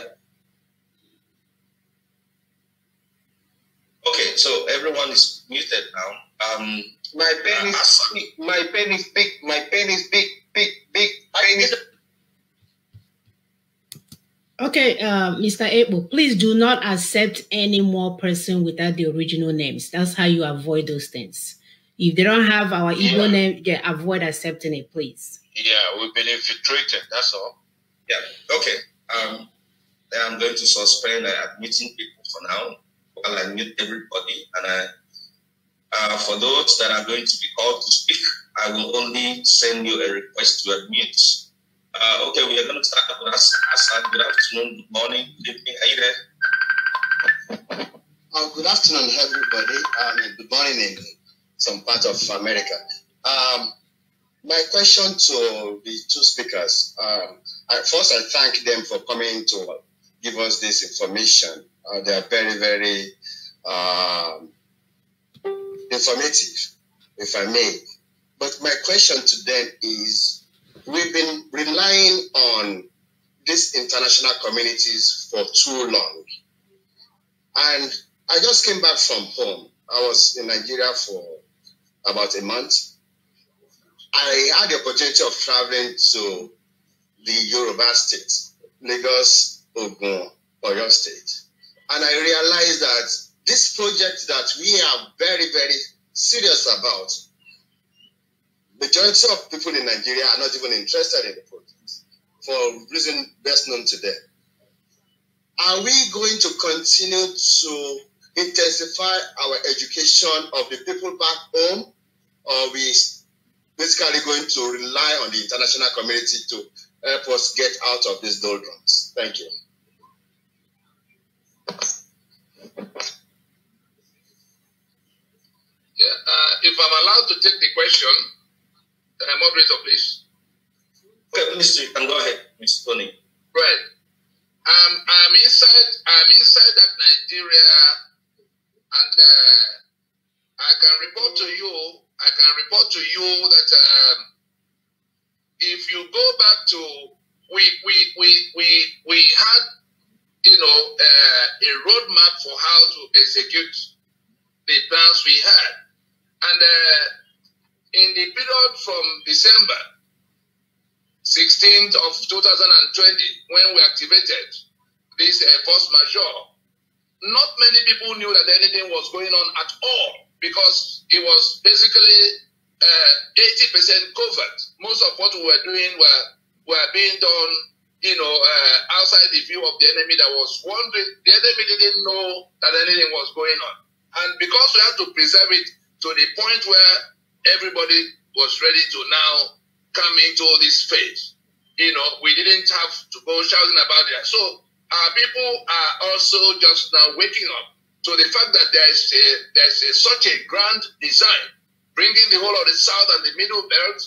H: Okay, so everyone is muted now. Um, my
F: pen uh, is big. My pen is big. My pen is big, big, big. Pen is... Okay, uh, Mr. Abel, please do not accept any more person without the original names. That's how you avoid those things. If they don't have our Igbo yeah. name, yeah, avoid accepting it, please.
B: Yeah, we've been infiltrated. That's
H: all. Yeah. Okay. Um, I'm going to suspend uh, admitting people for now while I mute everybody and I uh, for those that are going to be called to speak, I will only send you a request to admit. Uh, okay, we are going to start with Hassan. Good afternoon, good morning, good evening. Are you
D: there? Oh, good afternoon, everybody. Um, good morning in some part of America. Um, my question to the two speakers. Um, I, first, I thank them for coming to give us this information. Uh, they are very, very um, informative, if I may. But my question to them is we've been relying on these international communities for too long. And I just came back from home. I was in Nigeria for about a month. I had the opportunity of traveling to the Yoruba state, Lagos, Ogun, Oyo state. And I realized that this project that we are very, very serious about, majority of people in Nigeria are not even interested in the project for a reason best known to them. Are we going to continue to intensify our education of the people back home, or are we basically going to rely on the international community to help us get out of these doldrums? Thank you.
G: Yeah, uh, if I'm allowed to take the question, uh, moderator, please. Okay, Mr. you can go ahead, Mr. Tony. Right. Um, I'm inside. I'm inside that Nigeria, and uh, I can report to you. I can report to you that um, if you go back to we we we we we had you know uh, a roadmap for how to execute the plans we had. And uh, in the period from December 16th of 2020, when we activated this uh, force majeure, not many people knew that anything was going on at all because it was basically 80% uh, covert. Most of what we were doing were, were being done, you know, uh, outside the view of the enemy that was wondering. The enemy didn't know that anything was going on. And because we had to preserve it to the point where everybody was ready to now come into this phase. You know, we didn't have to go shouting about that. So our people are also just now waking up to the fact that there's a, there's a, such a grand design bringing the whole of the south and the middle belt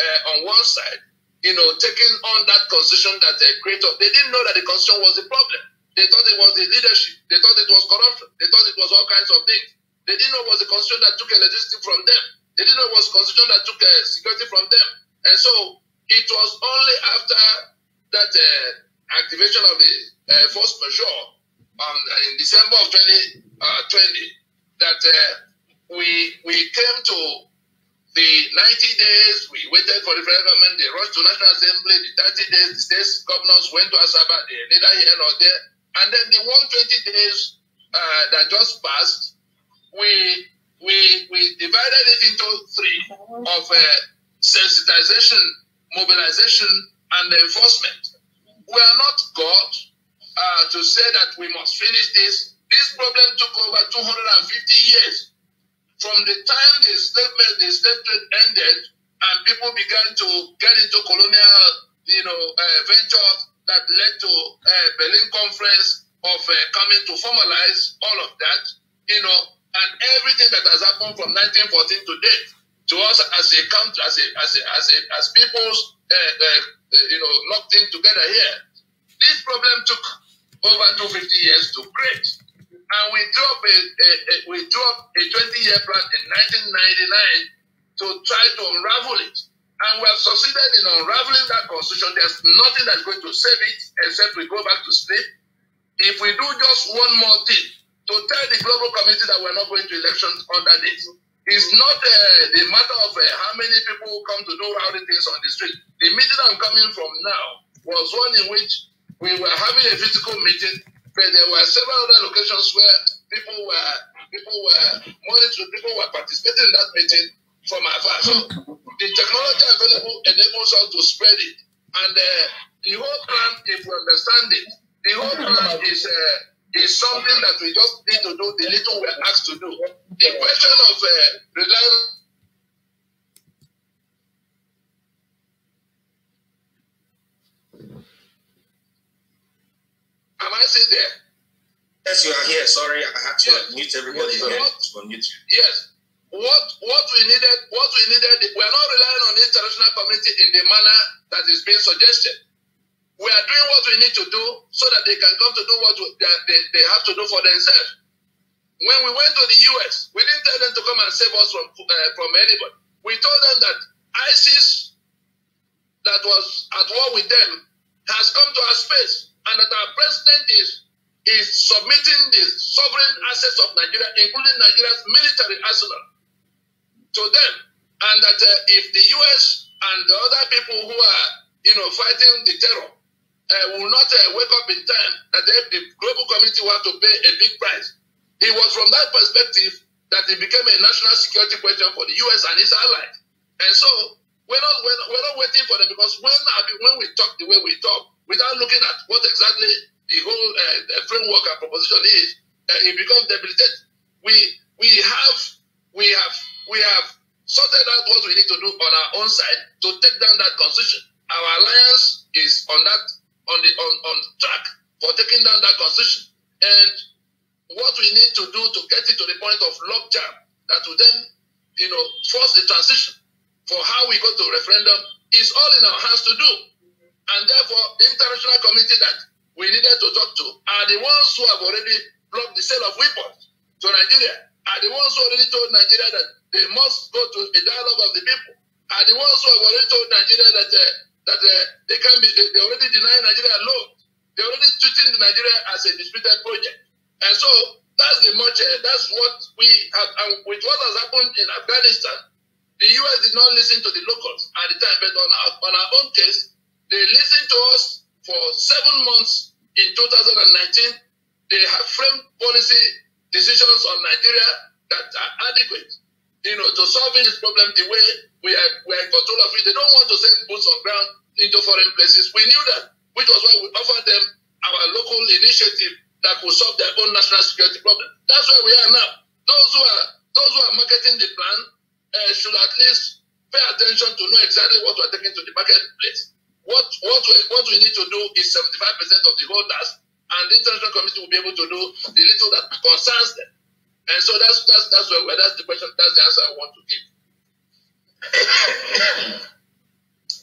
G: uh, on one side. You know, taking on that constitution that they created. They didn't know that the constitution was the problem. They thought it was the leadership. They thought it was corruption. They thought it was all kinds of things. They didn't know it was the constitution that took electricity from them. They didn't know it was the constitution that took uh, security from them. And so it was only after that uh, activation of the uh, force majeure um, in December of 2020 uh, that uh, we we came to the 90 days, we waited for the federal government, they rushed to National Assembly, the 30 days, the state governors went to Asaba, they neither here nor there. And then the 120 days uh, that just passed, we we we divided it into three of uh, sensitization, mobilization, and enforcement. We are not God uh, to say that we must finish this. This problem took over 250 years. From the time the statement, the statement ended, and people began to get into colonial, you know, uh, ventures that led to uh, Berlin Conference of uh, coming to formalize all of that. You know, and everything that has happened from 1914 to date to us as a country, as a, as a, as a, as peoples, uh, uh, uh you know, locked in together here. This problem took over 250 years to create, and we drew a, a, a we drew a 20-year plan in 1999 to try to unravel it, and we have succeeded in unraveling that constitution. There's nothing that's going to save it except we go back to sleep. If we do just one more thing, to tell the global community that we're not going to elections under this. It's not uh, the matter of uh, how many people come to do rowdy things on the street. The meeting I'm coming from now was one in which we were having a physical meeting, but there were several other locations where people were people were monitoring, people were participating in that meeting from afar. So the technology available enables us to spread it, and uh, the whole plan, if we understand it, the whole plan is. Uh, is something that we just need to do the little we're asked to do. The question of uh, reliable Am I sitting there? Yes, you are here. Sorry, I had to yes. unmute everybody what, what, Yes. What what we needed, what we needed, we are not relying on the international community in the manner that is being suggested. We are doing what we need to do so that they can come to do what they, they have to do for themselves. When we went to the U.S., we didn't tell them to come and save us from, uh, from anybody. We told them that ISIS that was at war with them has come to our space and that our president is is submitting the sovereign assets of Nigeria, including Nigeria's military arsenal, to them. And that uh, if the U.S. and the other people who are, you know, fighting the terror uh, will not uh, wake up in time that the, the global community want to pay a big price. It was from that perspective that it became a national security question for the U.S. and its allies. And so we're not, we're not, we're not waiting for them because when, when we talk the way we talk, without looking at what exactly the whole uh, the framework and proposition is, uh, it becomes debilitated. We, we, have, we, have, we have sorted out what we need to do on our own side to take down that constitution. Our alliance is on that on the on, on track for taking down that constitution. And what we need to do to get it to the point of logjam that will then, you know, force the transition for how we go to referendum is all in our hands to do. And therefore, the international community that we needed to talk to are the ones who have already blocked the sale of weapons to Nigeria, are the ones who already told Nigeria that they must go to a dialogue of the people, are the ones who have already told Nigeria that uh, that uh, they can be, they, they already deny Nigeria loan. They already treating Nigeria as a disputed project. And so that's the much, uh, that's what we have, and with what has happened in Afghanistan, the U.S. did not listen to the locals at the time, but on our, on our own case, they listened to us for seven months in 2019. They have framed policy decisions on Nigeria that are adequate you know, to solving this problem the way we are, we are in control of it. They don't want to send boots on ground into foreign places. We knew that, which was why we offered them our local initiative that could solve their own national security problem. That's where we are now. Those who are those who are marketing the plan uh, should at least pay attention to know exactly what we're taking to the marketplace. What what we, what we need to do is 75% of the whole task, and the international community will be able to do the little that concerns them. And so that's that's that's where, that's the question. That's the answer I want to give.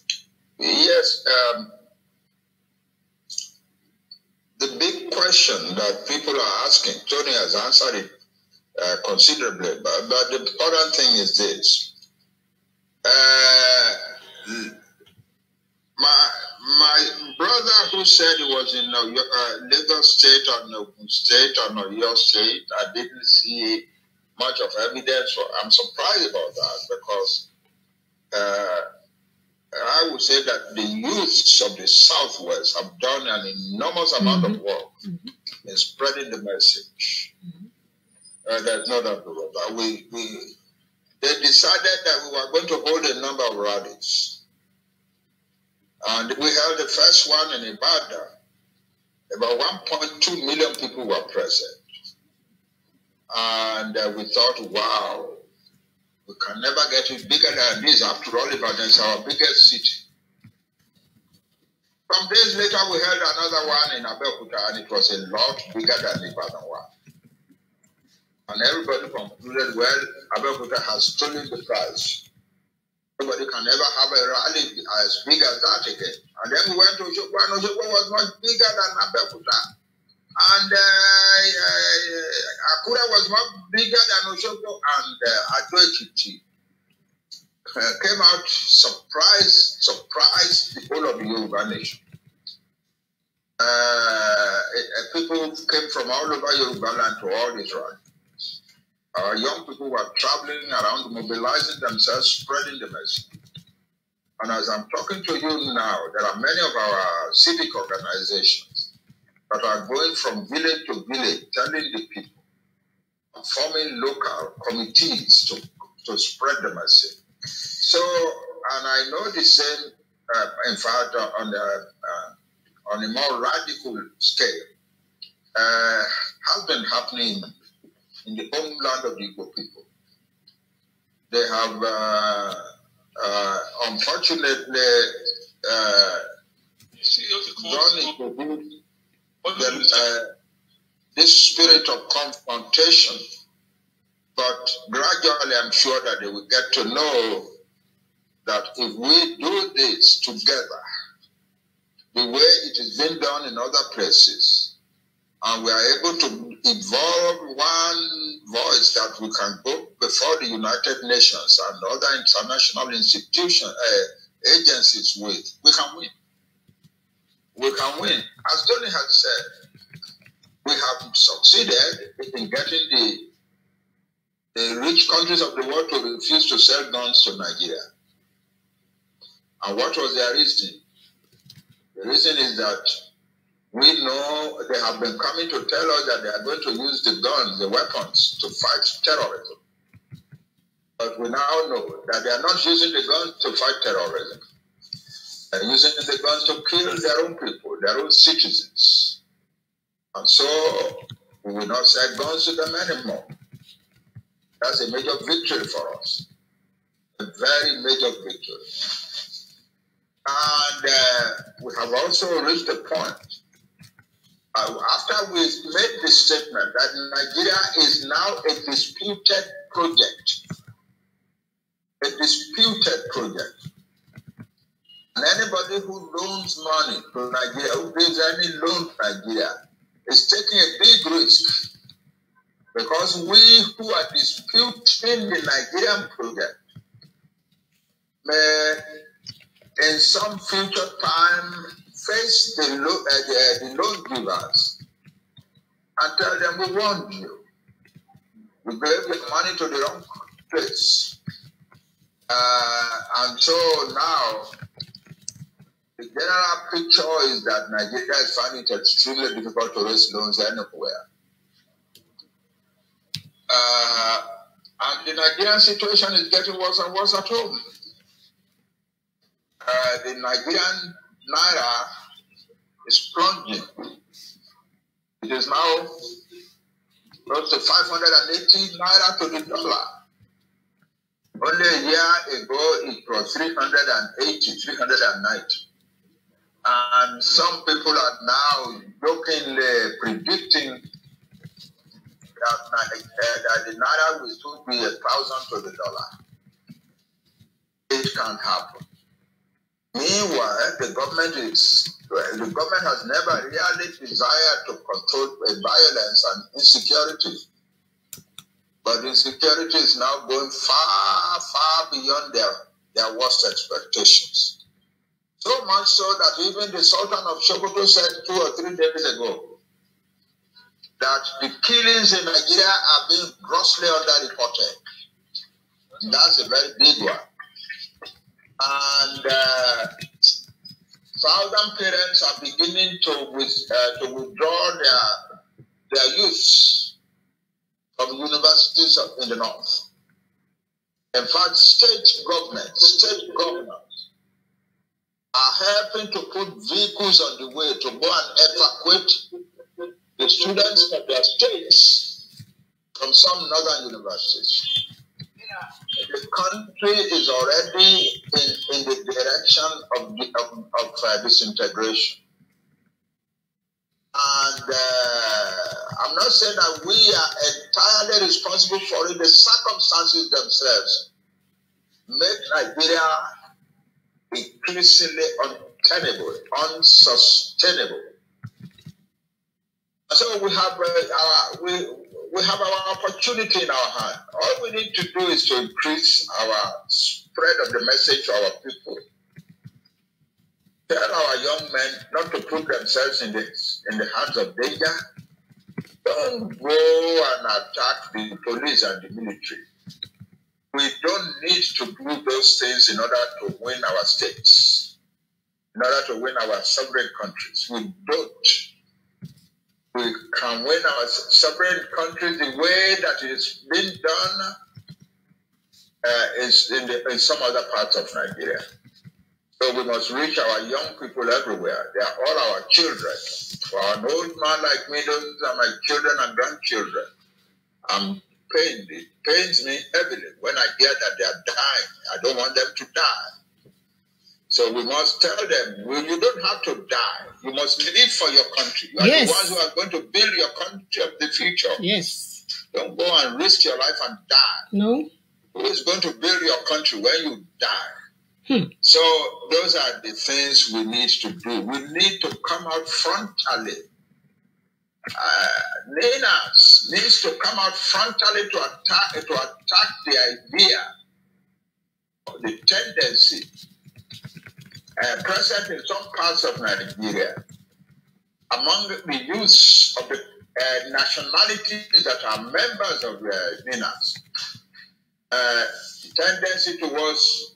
G: yes. Um,
E: the big question that people are asking, Tony has answered it uh, considerably, but, but the important thing is this. Uh, my my brother who said he was in a uh, Lagos State or Ogun State or Oyo State, I didn't see much of evidence. So I'm surprised about that because uh, I would say that the youths of the Southwest have done an enormous amount mm-hmm. of work
A: mm-hmm.
E: in spreading the message. Mm-hmm. Uh, there's no doubt about that. We, we, they decided that we were going to hold a number of rallies And we held the first one in Ibada. About 1.2 million people were present. And uh, we thought, wow, we can never get it bigger than this. After all, Ibadan is our biggest city. Some days later, we held another one in Abeokuta, and it was a lot bigger than the Ibadan one. And everybody concluded, well, Abeokuta has stolen the prize. Nobody can ever have a rally as big as that again. And then we went to Oshokwa, and was much bigger than Abeokuta. And uh, uh, Akura was much bigger than Oshoko. and uh, Ado Ekiti uh, came out surprised, surprised the whole of the Yoruba nation. Uh, uh, people came from all over Yoruba land to all Israel. Our young people were traveling around, mobilizing themselves, spreading the message. And as I'm talking to you now, there are many of our civic organizations that are going from village to village, telling the people, forming local committees to, to spread the message. So, and I know the same, uh, in fact, on, the, uh, on a more radical scale, uh, has been happening in the homeland of the Igbo people. They have, uh, uh, unfortunately, uh, this, uh, this spirit of confrontation, but gradually I'm sure that they will get to know that if we do this together, the way it is being done in other places, and we are able to evolve one voice that we can go before the United Nations and other international institutions, uh, agencies with, we can win. We can win. As Tony has said, we have succeeded in getting the, the rich countries of the world to refuse to sell guns to Nigeria. And what was their reason? The reason is that We know they have been coming to tell us that they are going to use the guns, the weapons, to fight terrorism. But we now know that they are not using the guns to fight terrorism. They're using the guns to kill their own people, their own citizens. And so we will not sell guns to them anymore. That's a major victory for us. A very major victory. And uh, we have also reached a point after we made the statement that Nigeria is now a disputed project, a disputed project. And anybody who loans money to Nigeria, who gives any loan to Nigeria, is taking a big risk because we who are disputing the Nigerian project may, in some future time, face the, lo- uh, the, the loan givers and tell them, we warned you. You gave your money to the wrong place. Uh, and so now, the general picture is that Nigeria is finding it extremely difficult to raise loans anywhere. Uh, and the Nigerian situation is getting worse and worse at home. Uh, the Nigerian naira is plunging. It is now close to 580 naira to the dollar. Only a year ago, it was 380, 390. And some people are now jokingly predicting that, eh, that the naira will soon be a thousand to the dollar. It can happen. Meanwhile, the government is the government has never really desired to control uh, violence and insecurity. But insecurity is now going far, far beyond their, their worst expectations. So much so that even the Sultan of Sokoto said two or three days ago that the killings in Nigeria are being grossly underreported. That's a very big one. and uh, southern parents are beginning to with, uh, to withdraw their their youth from universities in the north. In fact, state government, state governors are helping to put vehicles on the way to go and evacuate the students of their states from some northern universities. Yeah. the country is already in, in the direction of, the, of, of uh, disintegration. And uh, I'm not saying that we are entirely responsible for it. The circumstances themselves make Nigeria increasingly untenable, unsustainable. So we have uh, our, we, we have our opportunity in our hand. All we need to do is to increase our spread of the message to our people. Tell our young men not to put themselves in the, in the hands of danger. Don't go and attack the police and the military. We don't need to do those things in order to win our states, in order to win our sovereign countries. We don't. we can win our separate country the way that it's been done uh, is in, the, in some other parts of Nigeria. So we must reach our young people everywhere. They are all our children. For an old man like me, those are my children and grandchildren. I'm pained. It pains me heavily when I hear that they are dying. I don't want them to die. So we must tell them, well, you don't have to die. You must live for your country. You are yes. the ones who are going to build your country of the future.
B: Yes. Don't go and risk your life and die. No. Who is going to build your country when you die? Hmm. So those
E: are the things we need to do. We need to come out frontally. Uh, Ninas needs to come out frontally to attack to attack the idea, the tendency uh, present in some parts of Nigeria, among the youths of the uh, nationalities that are members of the Ninas, uh, uh, tendency towards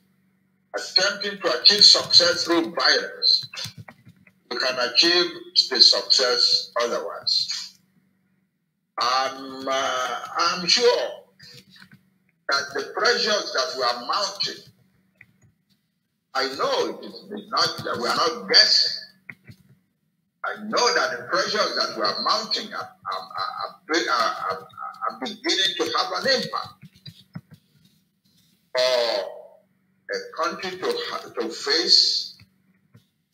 E: attempting to achieve success through violence. You can achieve the success otherwise. I'm, um, uh, I'm sure that the pressures that we are mounting I know it is not that we are not guessing. I know that the pressures that we are mounting are, are, are, are beginning to have an impact. For a country to, to face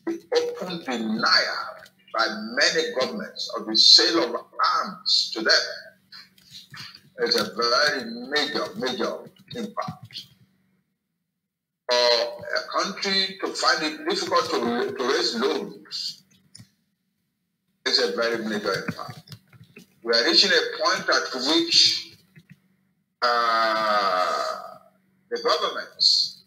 E: the open denial by many governments of the sale of arms to them is a very major, major impact. or a country to find it difficult to, mm-hmm. to raise loans is a very major impact. We are reaching a point at which uh, the governments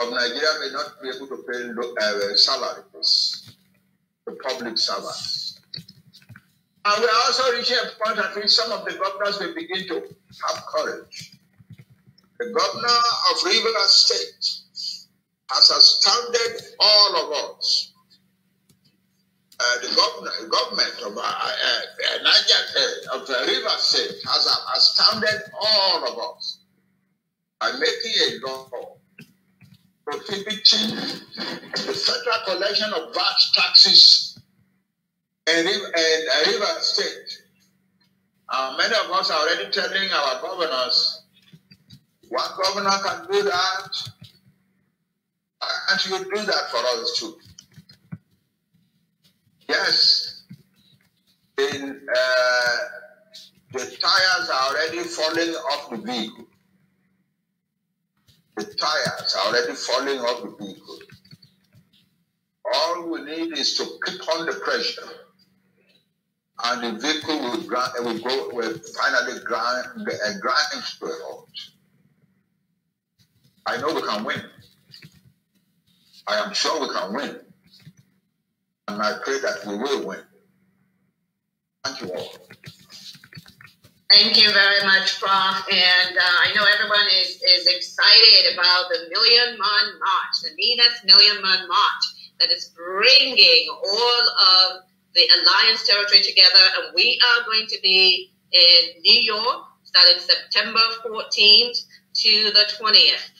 E: of Nigeria may not be able to pay lo- uh, salaries to public servants. And we are also reaching a point at which some of the governors will begin to have courage The governor of Rivers State has astounded all of us. Uh, the governor, the government of Nigeria uh, uh, uh, uh, of uh, Rivers State has uh, astounded all of us by making a law prohibiting the federal collection of VAT taxes in, in Rivers State. Uh, many of us are already telling our governors one governor can do that. And you do that for us too. Yes. In, uh, the tires are already falling off the vehicle. The tires are already falling off the vehicle. All we need is to keep on the pressure, and the vehicle will, grind, will go will finally grind, uh, grind to a halt. I know we can win. I am sure we can win. And I pray that we will win. Thank you all.
C: Thank you very much, Prof. And uh, I know everyone is, is excited about the Million Man March, the Venus Million Man March that is bringing all of the Alliance territory together. And we are going to be in New York starting September 14th to the 20th.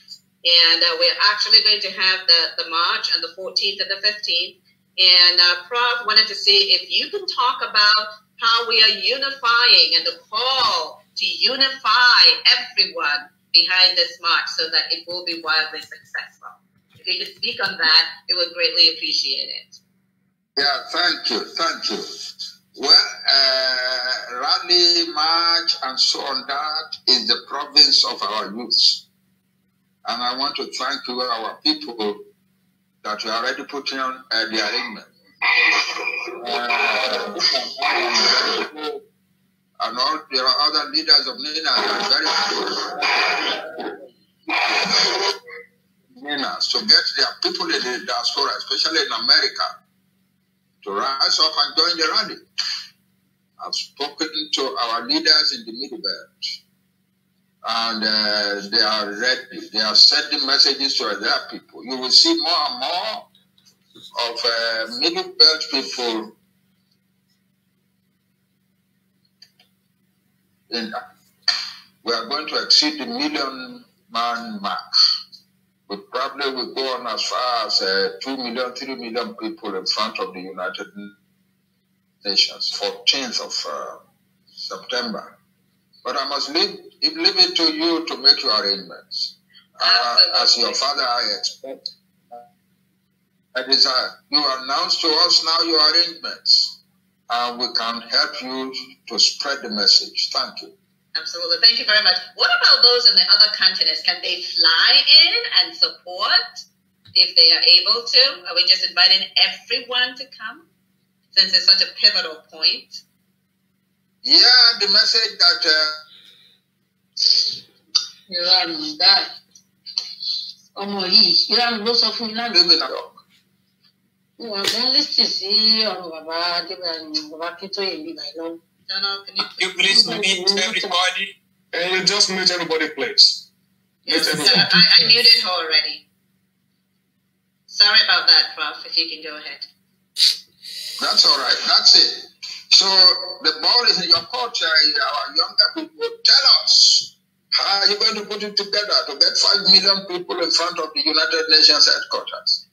C: And uh, we're actually going to have the, the march on the 14th and the 15th. And uh, Prof wanted to see if you can talk about how we are unifying and the call to unify everyone behind this march so that it will be wildly successful. If you could speak on that, we would greatly appreciate it. Yeah, thank you, thank you. Well, uh, rally,
E: march, and so on, that is the province of our youth. And I want to thank you, our people, that you already put in uh, the arrangement.
A: Uh,
E: and all are other leaders of Nina are very Nina, so get their people in the diaspora, especially in America, to rise up and join the rally. I've spoken to our leaders in the Middle Belt and uh, they are ready. They are sending messages to other people. You will see more and more of uh, middle belt people in we are going to exceed the million man mark. We probably will go on as far as uh, 2 million, 3 million people in front of the United Nations, 14th of uh, September. But I must leave it leave it to you to make your arrangements. Uh, as your father, I expect. I desire. You announce to us now your arrangements, and we can help you to spread the message.
C: Thank you. Absolutely. Thank you very much. What about those in the other continents? Can they fly in and support if they are able to? Are we just inviting everyone to come since it's such a pivotal point?
E: Yeah, the message that. Uh,
F: ìranù báyìí ọmọ yìí ìranù ló sọ fún mi lánàá. lóògbé náà. wọn kò ń lísì sí ọ̀rọ̀ bàbá adébáyé bàbá kítóyè mi báyìí lọ́wọ́. you please
H: mute everybody and uh, you just mute everybody please.
C: Yes, everybody. Sir, I, I muted her already. Sorry about that, Prof. If you can go ahead.
E: That's all right. That's it. So the ball is in your culture. Our younger people, tell us how are you going to put it together to get five million people in front of the United Nations headquarters.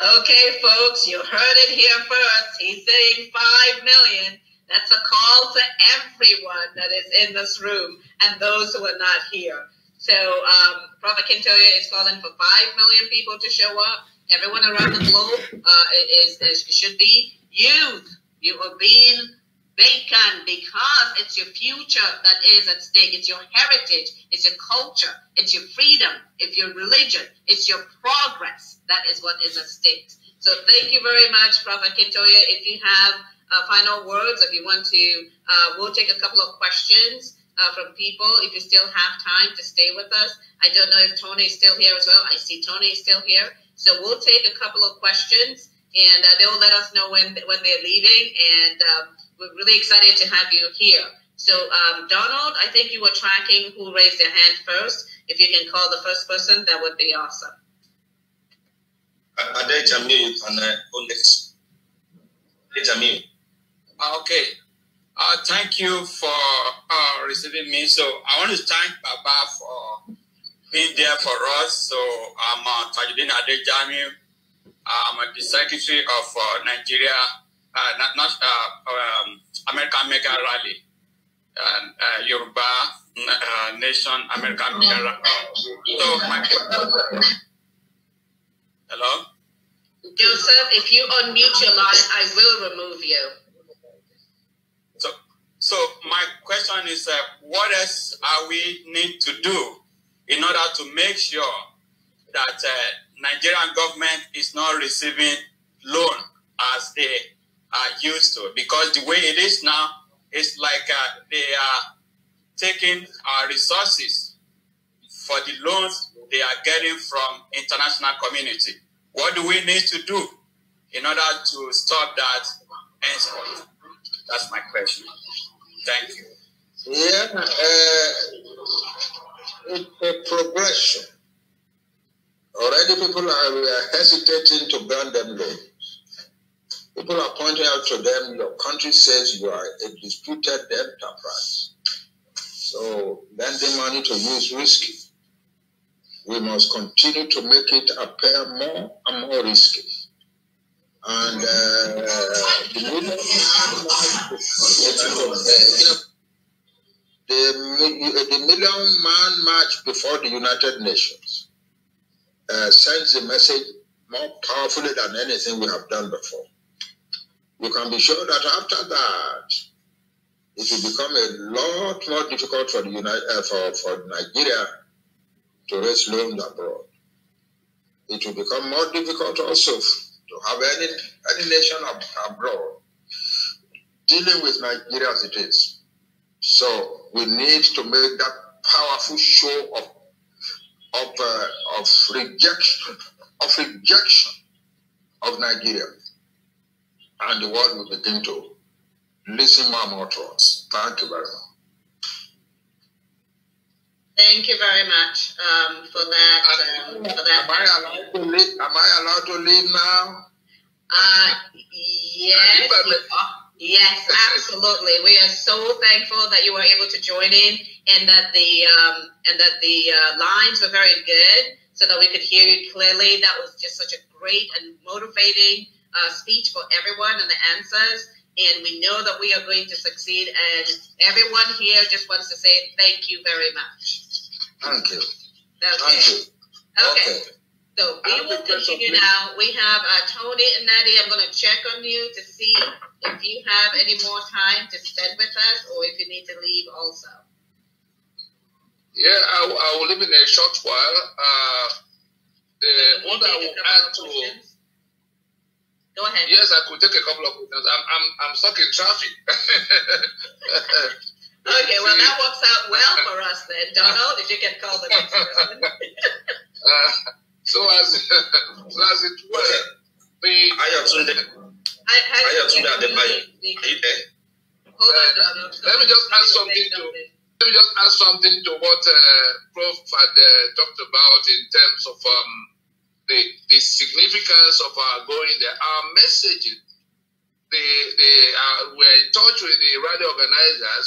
C: Okay, folks, you heard it here first. He's saying five million. That's a call to everyone that is in this room and those who are not here. So um, Prophet Kintoya is calling for 5 million people to show up. Everyone around the globe uh, is, is, should be youth, you are being bacon because it's your future that is at stake. It's your heritage. It's your culture. It's your freedom. It's your religion. It's your progress. That is what is at stake. So thank you very much, Prophet Kintoya. If you have uh, final words, if you want to, uh, we'll take a couple of questions uh, from people. If you still have time to stay with us, I don't know if Tony is still here as well. I see Tony is still here. So we'll take a couple of questions and uh, they will let us know when when they're leaving. And um, we're really excited to have you here. So, um, Donald, I think you were tracking who raised their hand first. If you can call the first person, that would be awesome.
H: Uh, Ade Jamil and Onyx. Uh, Jamil. Ah, okay. Uh, thank you for uh, receiving me. So I want to thank Baba for being there for us. So I'm uh, Tajuddin Ade I'm the secretary of uh, Nigeria, uh, not, not uh, um, American Mega Rally, uh, Yoruba uh, Nation American Mega Rally. So my hello.
C: Joseph, if you unmute your line, I will remove you.
H: So, so my question is, uh, what else are we need to do in order to make sure that uh, Nigerian government is not receiving loan as they are used to because the way it is now, it's like uh, they are taking our resources for the loans they are getting from international community. What do we need to do in order to stop that henceforth? That's my question. Thank you.
E: Yeah, uh, it's a progression Already people are, are hesitating to burn them low. People are pointing out to them, your country says you are a disputed enterprise. So lending money to you is risky. We must continue to make it appear more and more risky. And uh, the million man march before the United Nations uh, sends a message more powerfully than anything we have done before. You can be sure that after that, it will become a lot more difficult for, the United, uh, for, for Nigeria to raise loans abroad. It will become more difficult also to have any, any nation ab abroad dealing with Nigeria as it is. So we need to make that powerful show of of, uh, of rejection, of rejection of Nigeria. And the world will begin to listen more to us. Thank you very much.
C: Thank you very much um, for that. Um, for that am, I allowed
E: to leave, am I allowed to leave now?
C: Uh, yes. Yes, absolutely. We are so thankful that you were able to join in, and that the um, and that the uh, lines were very good, so that we could hear you clearly. That was just such a great and motivating uh, speech for everyone, and the answers. And we know that we are going to succeed. And everyone here just wants to say thank you very much. Thank you. Okay. Thank you. Okay. okay. So we will continue now. We have uh, Tony and Nadia. I'm going to check on you to see if you have any more time to spend with us or if you need to leave also.
G: Yeah, I, I will leave in a short while. Uh, the so one that I will add to. Go ahead. Yes, I could take a couple of questions. I'm, I'm, I'm stuck in traffic.
C: okay, well, that works out well for us then. Donald, if you can call the next person.
H: Uh, so as so as it were, the Ayatunde.
G: Ayatunde Adebayo. Are you there? Hold on, uh, let me just add something to let me just add something to what uh, Prof had uh, talked about in terms of um, the the significance of our going there. Our message, the the uh, we're in touch with the rally organizers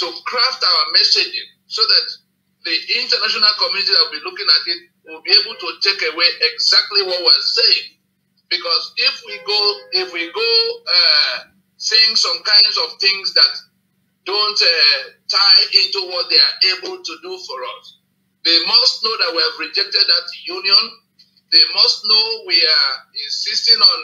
G: to craft our messaging so that the international community that will be looking at it will be able to take away exactly what we're saying. Because if we go, if we go uh, saying some kinds of things that don't uh, tie into what they are able to do for us, they must know that we have rejected that union. They must know we are insisting on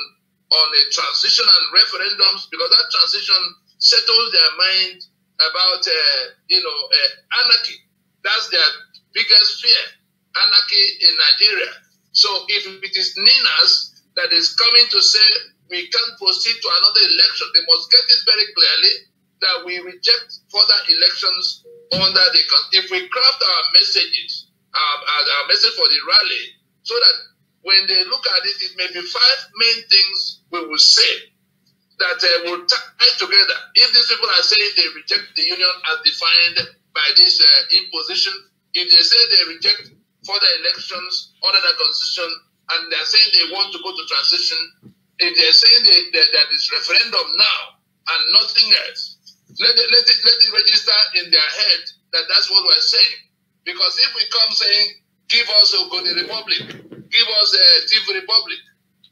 G: on a transition and referendums because that transition settles their mind about uh, you know uh, anarchy. That's their biggest fear anarchy in Nigeria. So if it is Ninas that is coming to say we can't proceed to another election, they must get it very clearly that we reject further elections under the if we craft our messages, our, our, our message for the rally, so that when they look at it, it may be five main things we will say that uh, will tie together. If these people are saying they reject the union as defined by this uh, imposition, if they say they reject further elections under that constitution, and they're saying they want to go to transition. If they're saying they, they, referendum now and nothing else, let it, let it let it register in their head that that's what we're saying. Because if we come saying, "Give us a good republic, give us a uh, thief republic,"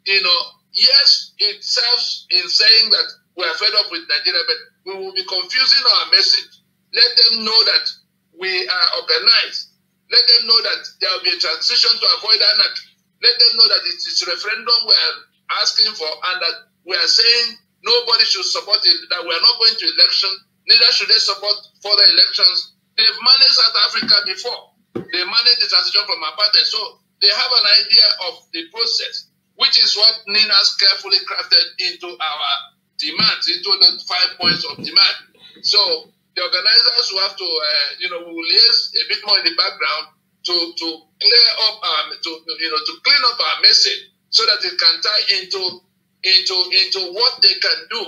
G: you know, yes, it serves in saying that we are fed up with Nigeria, but we will be confusing our message. Let them know that we are organized Let them know that there will be a transition to avoid anarchy. Let them know that it is referendum we are asking for and that we are saying nobody should support it, that we are not going to election, neither should they support further elections. They've managed South Africa before. They managed the transition from apartheid. So they have an idea of the process, which is what Nina's carefully crafted into our demands, into the five points of demand. So the organizers will have to, uh, you know, will liaise a bit more in the background to, to clear up our, to, you know, to clean up our message so that it can tie into, into, into what they can do,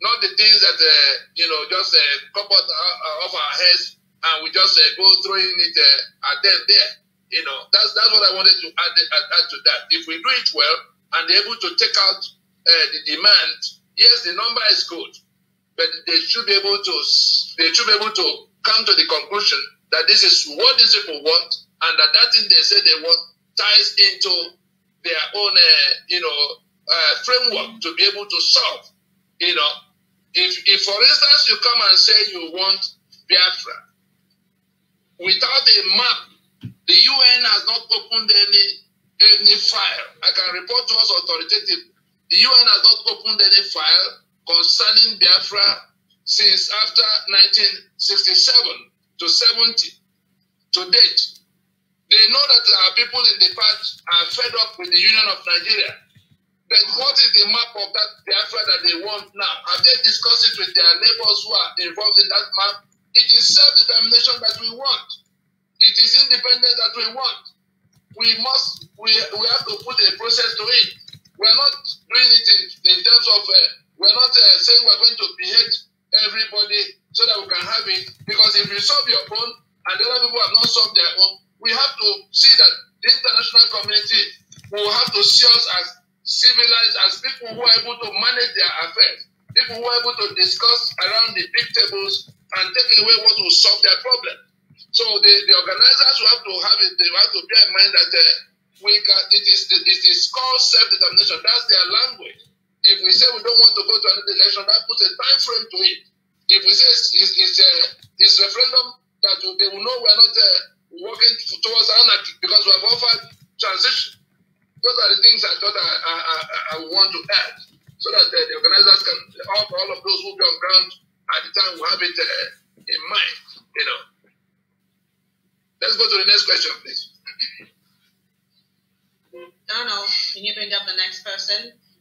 G: not the things that, uh, you know, just uh, pop out uh, of our heads and we just uh, go throwing it uh, at them there. You know, that's that's what I wanted to add, add, add to that. If we do it well and able to take out uh, the demand, yes, the number is good but they should be able to they should be able to come to the conclusion that this is what these people want, and that that thing they say they want ties into their own uh, you know uh, framework to be able to solve. You know, if if for instance you come and say you want Biafra without a map, the UN has not opened any any file. I can report to us authoritatively. The UN has not opened any file concerning Biafra since after 1967 to 70 to date. They know that our people in the past are fed up with the Union of Nigeria. But what is the map of that Biafra that they want now? Have they discussed it with their neighbors who are involved in that map? It is self-determination that we want. It is independence that we want. We must, we, we have to put a process to it. We're not doing it in, in terms of, uh, we're not uh, saying we're going to behead everybody so that we can have it. Because if you solve your own and the other people have not solved their own, we have to see that the international community will have to see us as civilized, as people who are able to manage their affairs, people who are able to discuss around the big tables and take away what will solve their problem. So the, the organizers will have to have it, they have to bear in mind that uh, we can, it is, it is called self-determination. That's their language. If we say we don't want to go to another election, that puts a time frame to it. If we say it's, it's, it's a uh, it's referendum that they will know we are not uh, working towards anarchy because we have offered transition. Those are the things I thought I, I, I, I want to add so that the, uh, the organizers can, offer all of those who be on ground at the time will have it uh, in mind, you know. Let's go to the next question, please.
C: Donald, can you bring up the next person?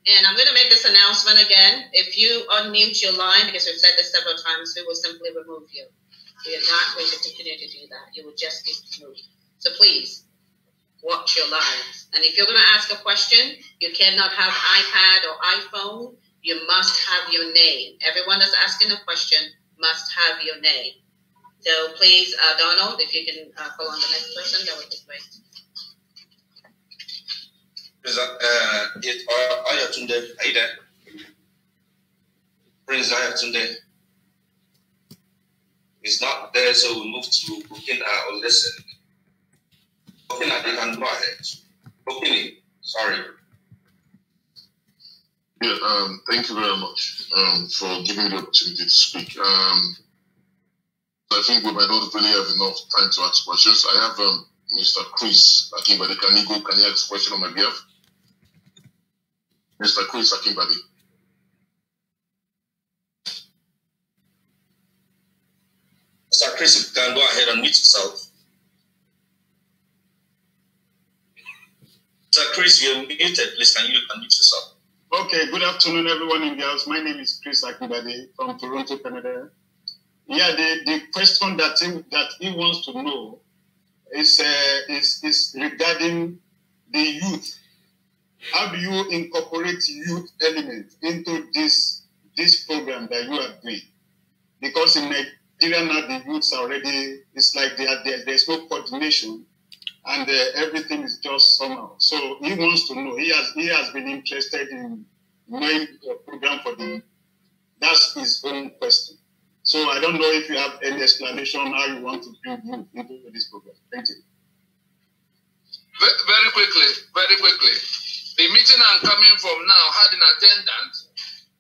C: And I'm going to make this announcement again. If you unmute your line, because we've said this several times, we will simply remove you. We are not going to continue to do that. You will just be removed. So please, watch your lines. And if you're going to ask a question, you cannot have iPad or iPhone. You must have your name. Everyone that's asking a question must have your name. So please, uh, Donald, if you can uh, call on the next person, that would be great
H: it are ayatında hayda Prince Ayatunde is not there, so we move to Burkina or listen. Burkina, they can go ahead. Burkina, sorry. Yeah, um, thank you very much um, for giving me the opportunity to speak. Um, I think we might not really have enough time to ask questions. I have Mr. Um, Chris I think, Akimbadekanigo. Can he ask a question on my behalf? Mr. Chris Akimbabi. Mr. Chris, you can go ahead and mute yourself. Mr. Chris, you're muted. Please, can you unmute yourself? Okay,
D: good afternoon, everyone in the house. My name is Chris Akibade from Toronto, Canada. Yeah, the, the question that he, that he wants to know is, uh, is, is regarding the youth How do you incorporate youth element into this this program that you are doing? Because in Nigeria now the youths already it's like they are there, there's no coordination and uh, everything is just somehow. So he wants to know. He has he has been interested in knowing your program for the that's his own question. So I don't know if you have any explanation
A: how you want to build youth into this program. Thank you.
G: Very quickly, very quickly. The meeting I'm coming from now had in attendance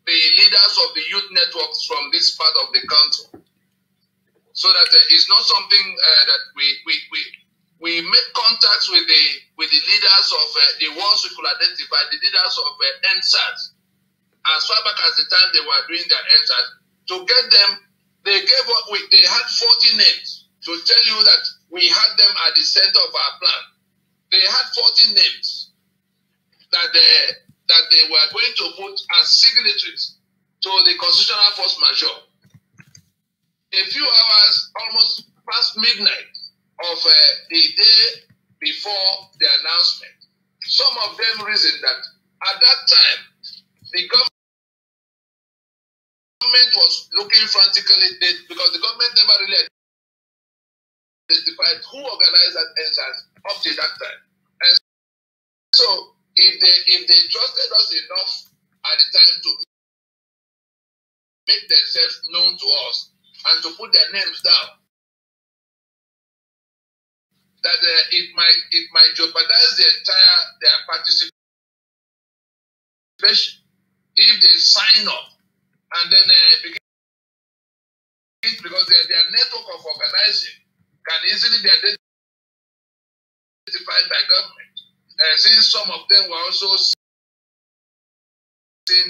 G: the leaders of the youth networks from this part of the country. So that uh, it's not something uh, that we, we, we, we make contacts with the, with the leaders of uh, the ones we could identify, the leaders of uh, NSAS, as far back as the time they were doing their NSAS, to get them, they gave up, we, they had 40 names to tell you that we had them at the center of our plan. They had 40 names. that they, that they were going to put as signatories to the constitutional force majeure. A few hours, almost past midnight of uh, the day before the announcement, some of them reasoned that at that time, the government
A: was looking frantically because the government never really identified who organized that entrance up to that time. And so if they if they trusted us enough at the time to make themselves known to us and to put their names down, that uh, it might it might jeopardize the entire their participation if they sign up and then uh, begin because their, uh, their network of organizing can easily be identified by government uh, since some of them were also seen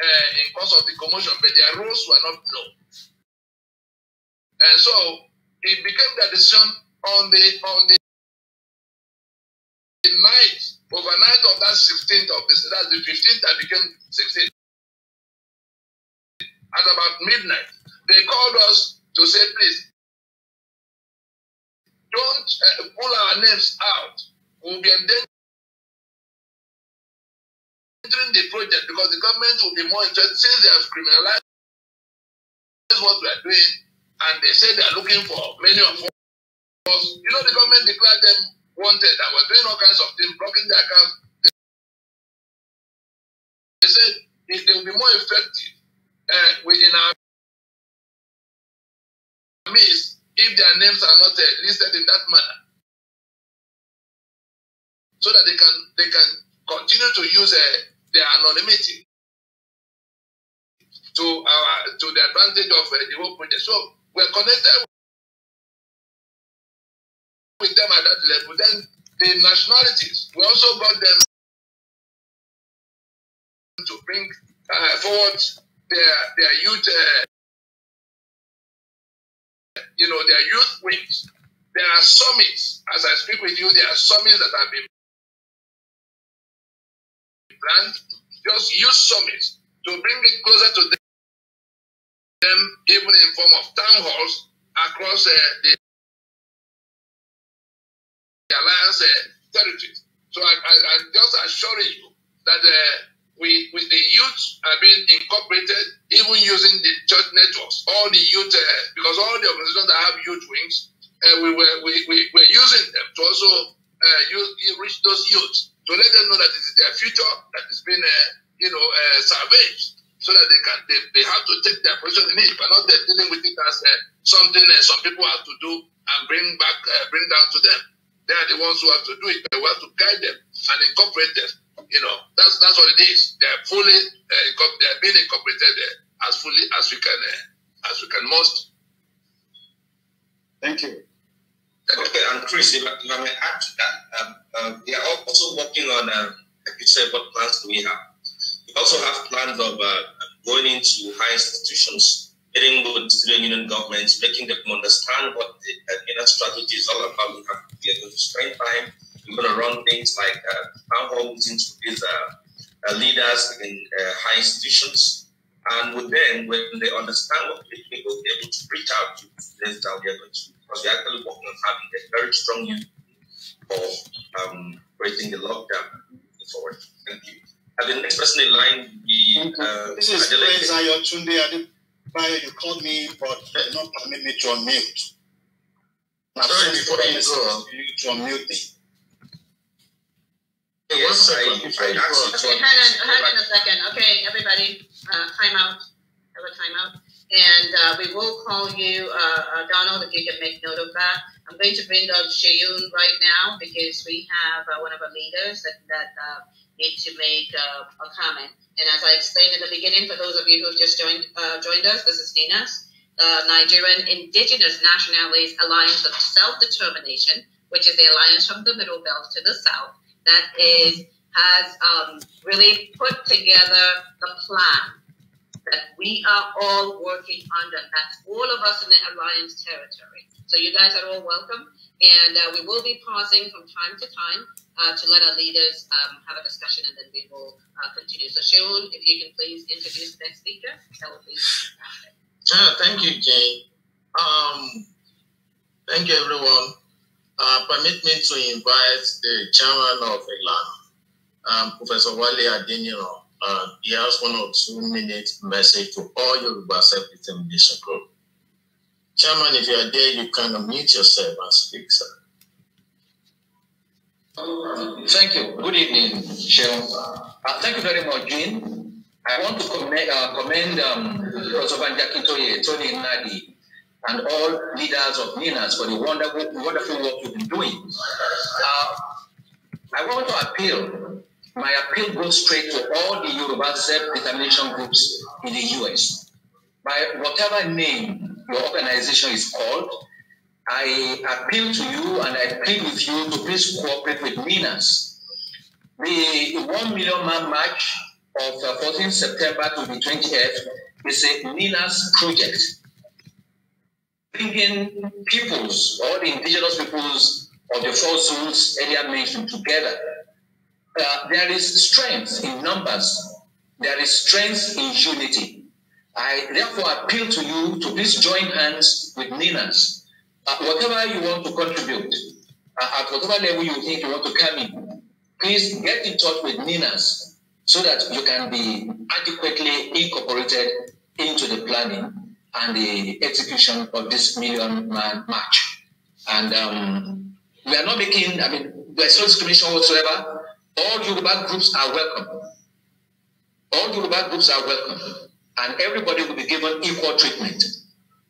A: uh, in cause of the commotion, but their roles were not known. And eh, so it became the decision on the on the, the
G: night, overnight of that 16th of this, that's the 15th that became 16th. At about midnight, they called us to say, please,
A: don't uh, pull our names out. We'll be endangered." hindering the project because the government will be more interested since they have criminalized what we are doing and they say they are looking for many of us. You know, the government declared them wanted and were doing all kinds of things, blocking their account. They, they said if they will be more effective uh, within our means if their names are not uh, listed in that manner.
G: So that they can they can continue to use uh, the anonymity to our uh, to the advantage of uh, the whole project. So we're connected
A: with them at that level. Then the nationalities, we also got them to bring uh, forward their their youth, uh, you know, their youth wings. There are summits, as I speak with you, there are summits that have been just use summits to bring it closer to them, even in form of town halls across uh, the, alliance uh, territories. So I, am just assuring you that
G: uh, we, with the youth are being incorporated, even using the church networks, all the youth, uh, because all the organizations that have youth wings, uh, we were we, we, were using them to also uh, use, reach those youths. to let them know that it is their future that is being, uh, you know, uh, salvaged, so that they can they, they have to take their position in it, but not they're dealing with it as uh, something that some people have to do and bring back, uh, bring down to them. They are the ones who have to do it. They have to guide them and incorporate them. You know, that's that's what it is. They are fully, uh, they are being incorporated as fully as we can, uh, as we can most. Thank you. Okay, and Chris, if I, if I may add to that, um, We um, are
H: also working on, um, like you said, what plans do we have? We also have plans of uh, going into high institutions, getting with student union governments, making them understand what the uh, inner strategy is all about. We have are going to spend time. We're going to run things like uh, town hall meetings with these
B: uh, uh leaders in uh, high institutions.
H: And with them, when they understand what they will be able to reach out to students that we are going to, because we're actually working on having a very strong youth for um, breaking the lockdown moving forward. Thank you.
D: And the next person in line, be uh, this is Adele. Prince Ayotunde Adebayo. You called me, but you did not permit me to unmute.
A: Now, Sorry, before
D: you go, you to unmute me. Yes, I, I, I okay, hang on, hang
C: on a second. Okay, everybody, uh, time out. Have a time out. And uh, we will call you, uh, uh, Donald, if you can make note of that. I'm going to bring up Shayun right now because we have uh, one of our leaders that, that uh, need to make a comment. And as I explained in the beginning, for those of you who have just joined, joined us, this is Nina's. Nigerian Indigenous Nationalities Alliance of Self-Determination, which is the alliance from the Middle Belt to the South, that is has um, really put together the plan that we are all working under. That's all of us in the Alliance territory. So you guys are all welcome. And uh, we will be pausing from time to time uh, to let our leaders um, have a discussion and then we will uh, continue. So Shaun, if you can please introduce the next speaker, that would be fantastic.
A: Yeah, thank you, Jane. Um, thank you, everyone. Uh, permit me to invite the chairman
D: of ELAN, um, Professor Wale Adeniro, uh, has one or two minute message to all your self-determination group. Chairman, if you are there, you can unmute yourself and speak, sir.
H: Thank you. Good evening, Sharon. Uh, thank you very much, Jean. I want to commend, uh, commend um, Rosovan Tony Nadi, and all leaders of Ninas for the wonderful, wonderful work you've been doing. Uh, I want to appeal my appeal goes straight to all the Yoruba self-determination groups in the U.S. By whatever name your organization is called, I appeal to you and I plead with you to please cooperate with Minas. The 1 million man march of uh, 14 September to the 20th is a Minas project, bringing peoples, all the indigenous peoples of the four zones area mentioned together uh, there is strength in numbers. There is strength in unity. I
B: therefore appeal to you to please join hands with Ninas. Uh, whatever you want to contribute, uh, at whatever level you think you want to come in, please get in touch with Ninas so that you can be adequately incorporated into the planning and the execution of this million man
F: march.
H: And um, we are not making, I mean, there's no discrimination whatsoever All Yoruba groups are welcome. All Yoruba groups are welcome. And everybody will be given equal treatment.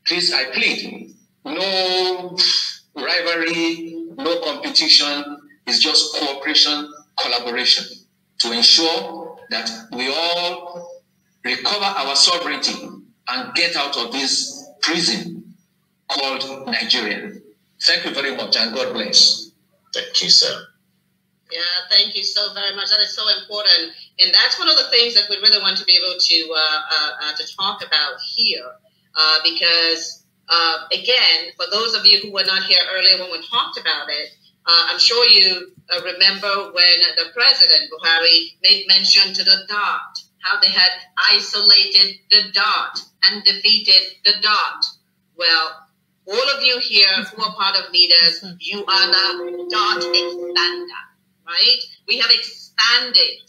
H: Please, I plead. No rivalry, no competition. It's just cooperation, collaboration to ensure that we all recover our sovereignty and get out of this prison called Nigeria. Thank you very much and God bless. Thank you, sir.
C: Yeah, thank you so very much. That is so important, and that's one of the things that we really want to be able to uh, uh, uh to talk about here, uh, because uh, again, for those of you who were not here earlier when we talked about it, uh, I'm sure you remember when the president Buhari made mention to the dot how they had isolated the dot and defeated the dot. Well, all of you here who are part of leaders, you are the dot expander right? We have expanded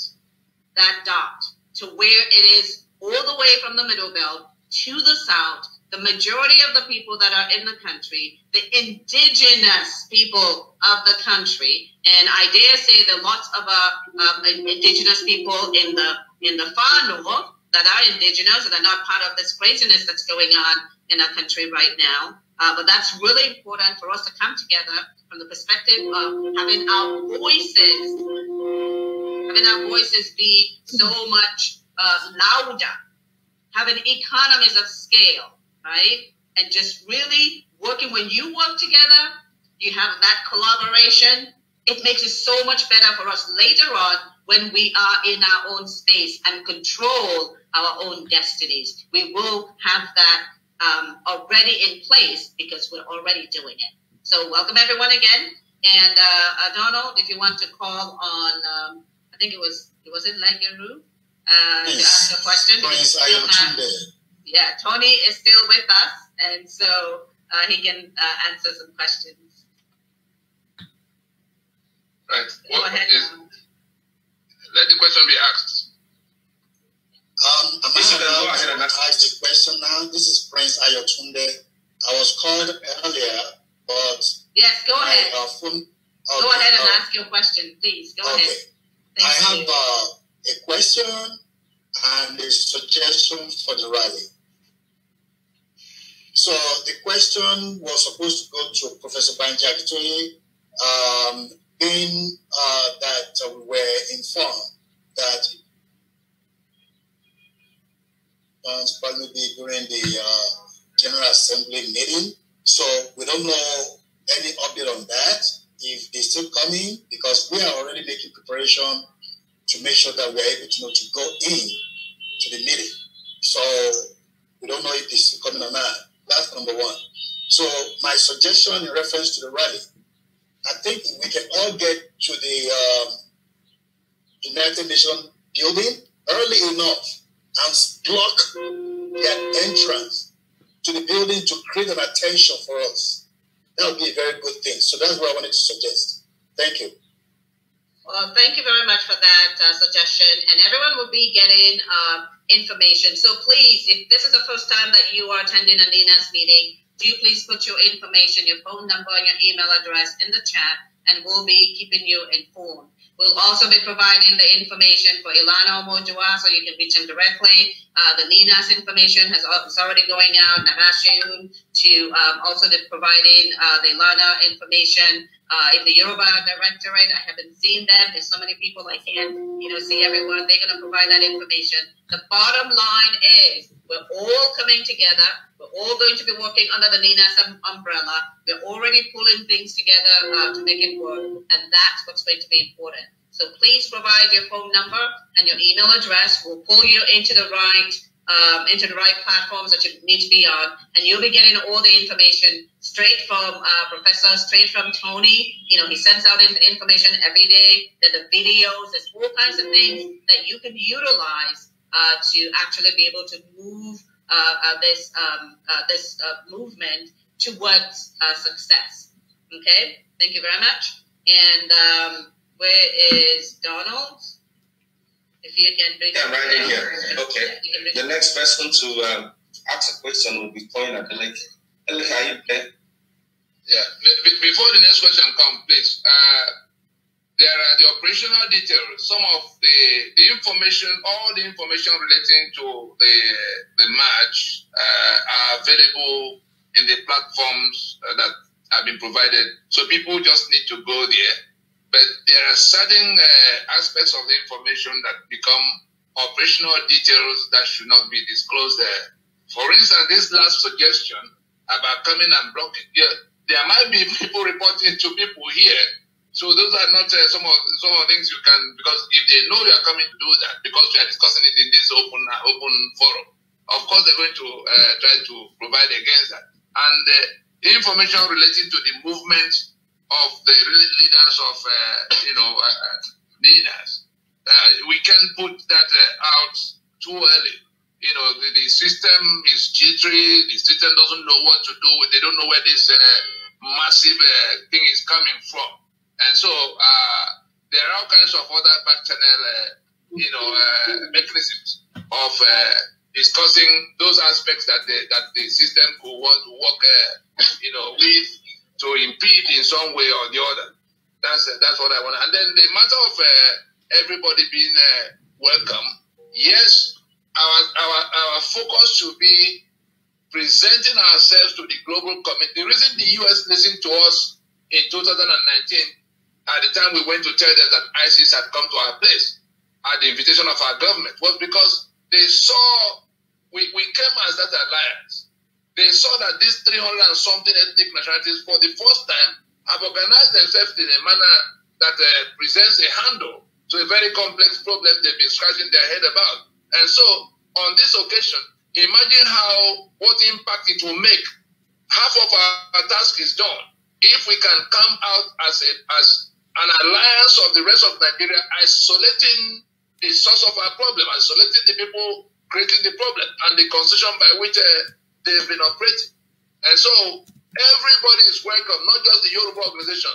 C: that dot to where it is all the way from the middle belt to the south. The majority of the people that are in the country, the indigenous people of the country, and I dare say there are lots of uh, um, indigenous people in the in the far north that are indigenous and are not part of this craziness that's going on in our country right now. Uh, but that's really important for us to come together from the perspective of having our voices, having our voices be so much uh, louder, having economies of scale, right? And just really working when you work together, you have that collaboration. It makes it so much better for us later on when we are in our own space and control our own destinies. We will have that um, already in place because we're already doing it. So welcome everyone again. And uh, Donald, if you want to call on, um, I think it was it was in Langeru uh, yes. to ask a
F: question. Yes, I am have,
C: Yeah, Tony is still with us, and so uh, he can uh, answer some questions.
G: Right. Go ahead. Is, let the question be asked.
C: Um, I'm going
D: to ask everyone. This is Prince Ayotunde. I was called earlier, but
C: yes, go ahead.
D: uh, phone, okay, go ahead and uh, ask
C: your question, please. Go okay. ahead. Thank I you. have uh, a question and a suggestion for the rally. So the question was supposed to go to Professor Banji Akitoye, um, being uh, that we were informed that uh, probably be during the uh, General
D: Assembly meeting. So we don't know any update on that, if they're still coming, because we are already making preparation to make sure that we're able to, you know, to go in to the meeting. So we don't know if they're still coming or not. That's number one. So my suggestion in reference to the rally, I think we can all get to the um, United Nations building early enough and block their entrance to the building to create an attention for us. That would be a very good thing. So that's what I wanted to suggest. Thank you.
C: Well, thank you very much for that uh, suggestion. And everyone will be getting uh, information. So please, if this is the first time that you are attending a Nina's meeting, do you please put your information, your phone number, and your email address in the chat and we'll be keeping you informed. We'll also be providing the information for Ilana Omojua, so you can reach him directly. Uh, the NINAS information has is already going out. Namaste to um, also the providing uh, the Ilana information uh, in the Yoruba Directorate. I haven't seen them. There's so many people I can't, you know, see everyone. They're going to provide that information. The bottom line is we're all coming together. We're all going to be working under the NINAS umbrella. We're already pulling things together uh, to make it work, and that's what's going to be important. So please provide your phone number and your email address. We'll pull you into the right um, into the right platforms that you need to be on. And you'll be getting all the information straight from uh, Professor, straight from Tony. You know, he sends out information every day. There's the videos, there's all kinds of things that you can utilize uh, to actually be able to move uh, uh this, um, uh, this uh, movement towards success. Okay, thank you very much. And um, where is Donald? If you can bring yeah, right in here.
H: Okay. The next person to um, ask a question will be Coin Adeleke. Adeleke, are you there?
G: Yeah. Before the next question comes, please. Uh, there are the operational details. Some of the, the information, all the information relating to the the match uh, are available in the platforms uh, that have been provided. So people just need to go there but there are certain uh, aspects of the information that become operational details that should not be disclosed there. For instance, this last suggestion about coming and blocking, yeah, there might be people reporting to people here. So those are not uh, some of some of things you can because if they know you are coming to do that because we are discussing it in this open uh, open forum, of course they're going to uh, try to provide against that and uh, information relating to the movement of the leaders of, uh, you know, uh, Ninas. Uh, we can put that uh, out too early. You know, the, the, system is jittery. The system doesn't know what to do. They don't know where this uh, massive uh, thing is coming from. And so there are all kinds of other back channel, you know, mechanisms of discussing those aspects that the, that the system could want to work, you know, with to impede in some way or the other. That's uh, that's what I want. And then the matter of uh, everybody being uh, welcome. Yes, our, our our focus should be presenting ourselves to the global community. The reason the U.S. listened to us in 2019, at the time we went to tell them that ISIS had come to our place at the invitation of our government, was because they saw we, we came as that alliance they saw that these 300 and something ethnic nationalities, for the first time, have organized themselves in a manner that uh, presents a handle to a very complex problem they've been scratching their head about. And so, on this occasion, imagine how what impact it will make. Half of our, our task is done if we can come out as a, as an alliance of the rest of Nigeria, isolating the source of our problem, isolating the people creating the problem, and the constitution by which. Uh, they've been operating. And so everybody is welcome, not just the Yoruba organization,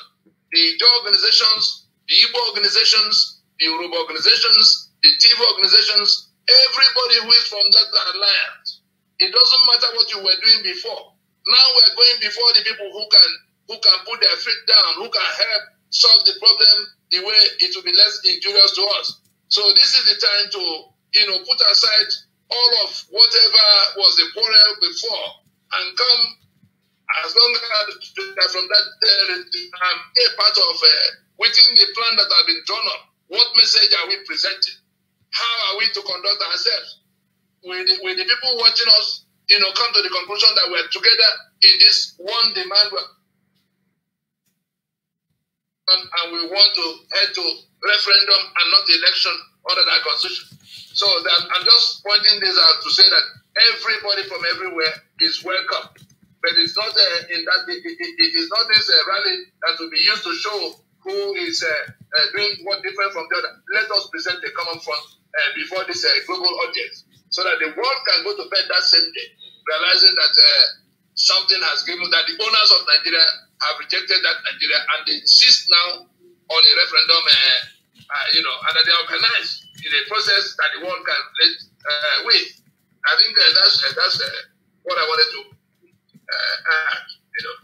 G: the Ido organizations, the Igbo organizations, the Yoruba organizations, the TV organizations, everybody who is from that alliance. It doesn't matter what you were doing before. Now we are going before the people who can who can put their feet down, who can help solve the problem the way it will be less injurious to us. So this is the time to you know put aside all of whatever was a quarrel before and come as long as from that territory I'm a part of uh, within the plan that has been drawn up. What message are we presenting? How are we to conduct ourselves? With the, will the people watching us, you know, come to the conclusion that we're together in this one demand and, and we want to head to referendum and not election under that constitution. So that, I'm just pointing this out to say that everybody from everywhere is welcome. But it's not uh, in that it, it, it is not this uh, rally that will be used to show who is uh, uh doing what different from the other. Let us present the common front uh, before this uh, global audience, so that the world can go to bed that same day, realizing that something has given that the owners of Nigeria have rejected that Nigeria and they insist now on a referendum uh, you know, and that they are organized in a process that the world can let uh, with. I think uh, that's uh, that's uh, what I wanted to uh, add. You know.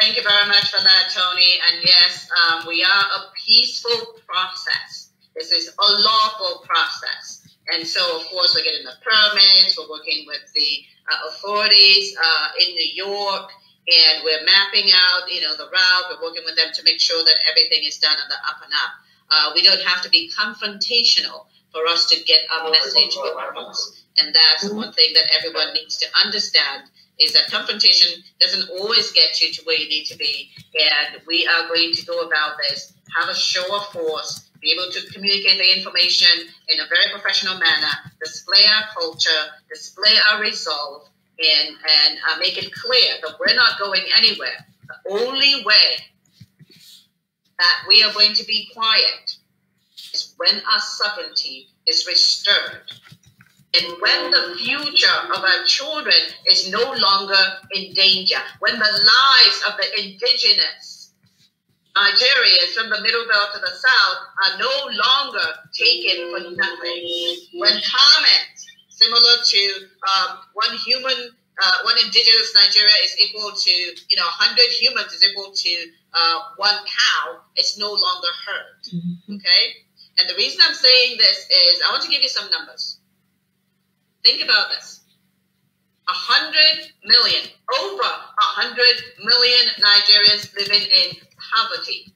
C: Thank you very much for that, Tony. And yes, um, we are a peaceful process. This is a lawful process. And so, of course, we're getting the permits, we're working with the uh, authorities in New York, and we're mapping out, you know, the route. We're working with them to make sure that everything is done on the up and up. Uh, we don't have to be confrontational for us to get our message oh, across. And that's one thing that everyone needs to understand is that confrontation doesn't always get you to where you need to be. And we are going to go about this, have a show of force, be able to communicate the information in a very professional manner, display our culture, display our resolve, and, and uh, make it clear that we're not going anywhere. The only way that we are going to be quiet is when our sovereignty is restored. And when the future of our children is no longer in danger, when the lives of the indigenous Nigerians from the middle belt to the south are no longer taken for nothing, when comments similar to um, one human uh, one indigenous Nigeria is equal to, you know, 100 humans is equal to uh, one cow, it's no longer herd. Mm-hmm. Okay? And the reason I'm saying this is I want to give you some numbers. Think about this. 100 million, over 100 million Nigerians living in poverty.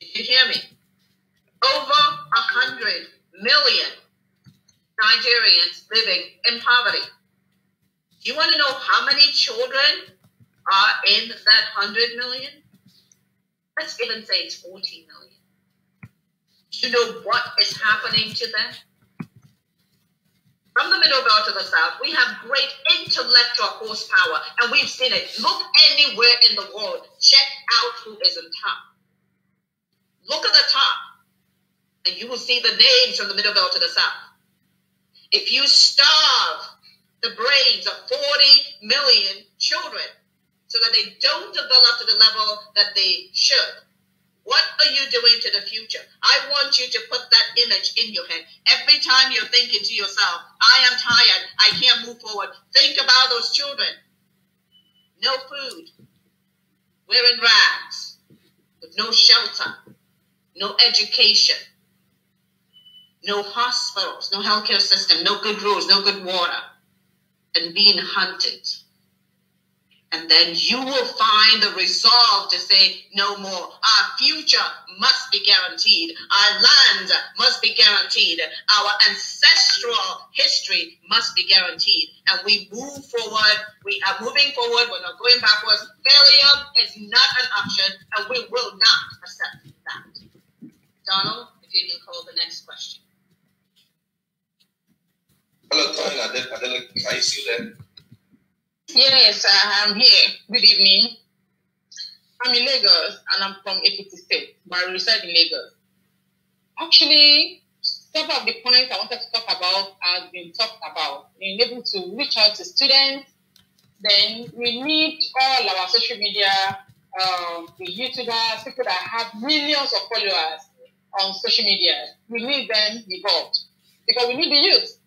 C: Did you hear me? Over 100 million Nigerians living in poverty. Do you want to know how many children are in that 100 million? Let's even say it's 40 million. Do you know what is happening to them? From the middle belt to the south, we have great intellectual horsepower, and we've seen it. Look anywhere in the world, check out who is on top. Look at the top, and you will see the names from the middle belt to the south. If you starve the brains of 40 million children so that they don't develop to the level that they should. What are you doing to the future? I want you to put that image in your head. Every time you're thinking to yourself, I am tired, I can't move forward, think about those children. No food, wearing rags, with no shelter, no education, no hospitals, no healthcare system, no good roads, no good water and being hunted. And then you will find the resolve to say, no more. Our future must be guaranteed. Our land must be guaranteed. Our ancestral history must be guaranteed. And we move forward. We are moving forward. We're not going backwards. Failure is not an option, and we will not accept that. Donald, if you can call the next question.
H: Are you still there?
F: Yes, I am here. Good evening. I'm in Lagos and I'm from APT State, but I reside in Lagos. Actually, some of the points I wanted to talk about have been talked about. Being able to reach out to students, then we need all our social media, um, the YouTubers, people that have millions of followers on social media. We need them involved because we need the youth.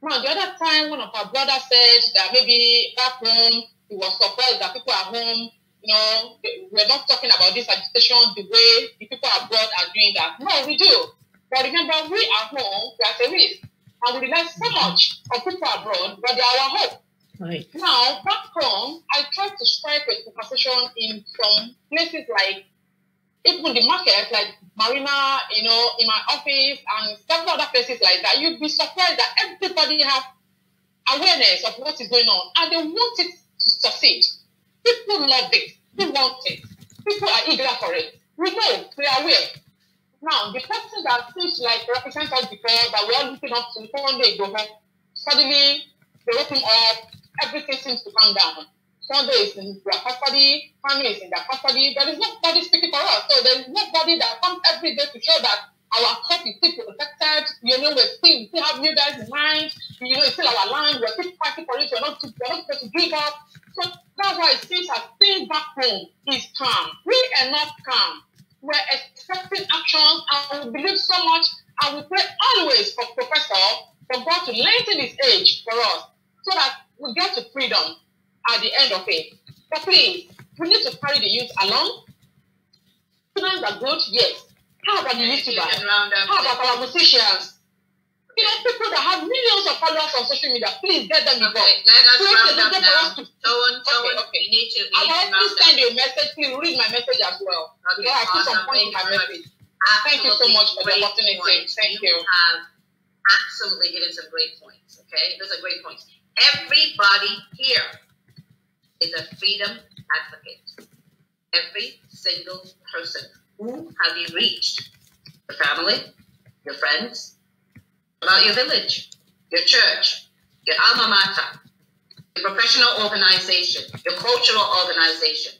F: Now, the other time, one of our brothers said that maybe back home, he was surprised that people at home, you know, we're not talking about this agitation the way the people abroad are doing that. No, we do. But remember, we at home, we are at risk. And we rely so much on people abroad, but they are our hope. Right. Now, back home, I try to strike a conversation in some places like even the market, like Marina, you know, in my office and several other places like that, you'd be surprised that everybody have awareness of what is going on and they want it to succeed. People love it. People want it. People are eager for it. We know, we are aware. Now, the person that seems like represents us before, that we are looking up to, one day go suddenly they open up, everything seems to come down. Sunday is in their custody, family is in their custody. There is nobody speaking for us. So there is nobody that comes every day to show that our cup is still protected. You know, we still, still have you guys in mind. You know, it's still our land. We're still fighting for it. We're not, too, we're not supposed to give up. So that's why it seems that things back home is calm. We are not calm. We're expecting actions and we believe so much and we pray always for Professor for God to lengthen his age for us so that we get to freedom at the end of it. but please, we need to carry the youth along. Students are good, yes. How about the YouTubers?
C: How
F: about our musicians? You know, people that have millions of followers on social media, please get them involved. Okay,
C: let us please round up now. To... Someone, someone, okay, okay. You need to. I will also send
F: you a message. Please read my message as well. Okay, yeah, I put some point in my message.
C: Thank you so much for the opportunity. Points. Thank you. you. Have absolutely given some great points. Okay, those are great points. Everybody here is a freedom advocate. Every single person. Who have you reached? Your family, your friends, about your village, your church, your alma mater, your professional organization, your cultural organization,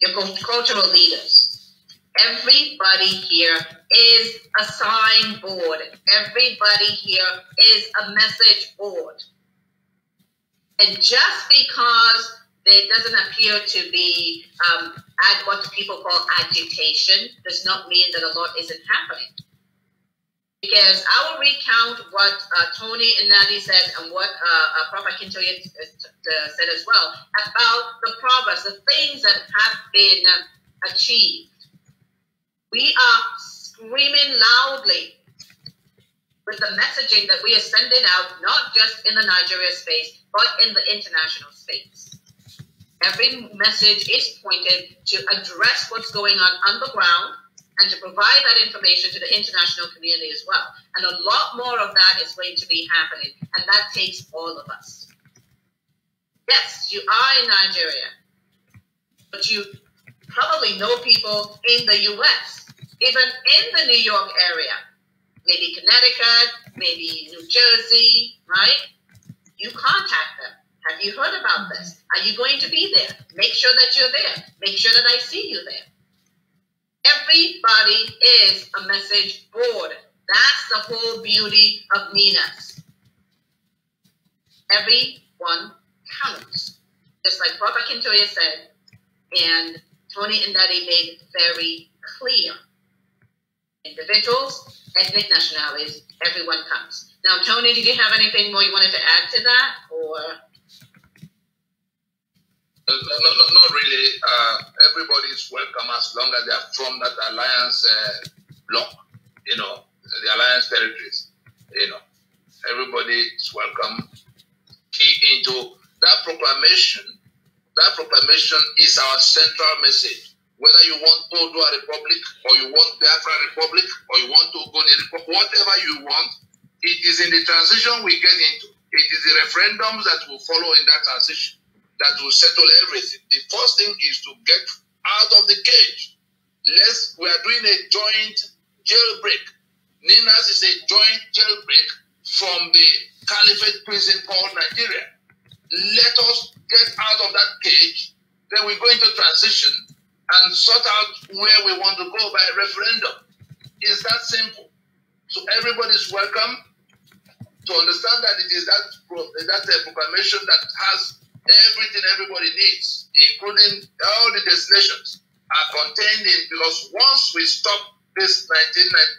C: your cultural leaders. Everybody here is a sign board. Everybody here is a message board. And just because there doesn't appear to be um, what people call agitation, does not mean that a lot isn't happening. Because I will recount what uh, Tony and Nadi said and what uh, uh, Prophet Kintoya uh, said as well about the progress, the things that have been uh, achieved. We are screaming loudly with the messaging that we are sending out, not just in the Nigeria space, but in the international space. Every message is pointed to address what's going on on the ground and to provide that information to the international community as well. And a lot more of that is going to be happening, and that takes all of us. Yes, you are in Nigeria, but you probably know people in the US, even in the New York area, maybe Connecticut, maybe New Jersey, right? You contact them have you heard about mm-hmm. this? Are you going to be there? Make sure that you're there. Make sure that I see you there. Everybody is a message board. That's the whole beauty of Nina's. Everyone counts. Just like Barbara Kintoya said, and Tony and Daddy made very clear. Individuals, ethnic nationalities, everyone counts. Now, Tony, did you have anything more you wanted to add to that? Or
G: no, no, no, not really. Uh, everybody is welcome as long as they are from that alliance uh, block, you know, the alliance territories. You know, everybody is welcome. Key into that proclamation. That proclamation is our central message. Whether you want Odua Republic or you want Biafra Republic or you want Ogoni Republic, whatever you want, it is in the transition we get into. It is the referendums that will follow in that transition that will settle everything. The first thing is to get out of the cage. Let's, we are doing a joint jailbreak. Ninas is a joint jailbreak from the caliphate prison called Nigeria. Let us get out of that cage. Then we go into transition and sort out where we want to go by referendum. It's that simple. So everybody's welcome to understand that it is that, that uh, proclamation that has everything everybody needs, including all the destinations, are contained in because once we stop this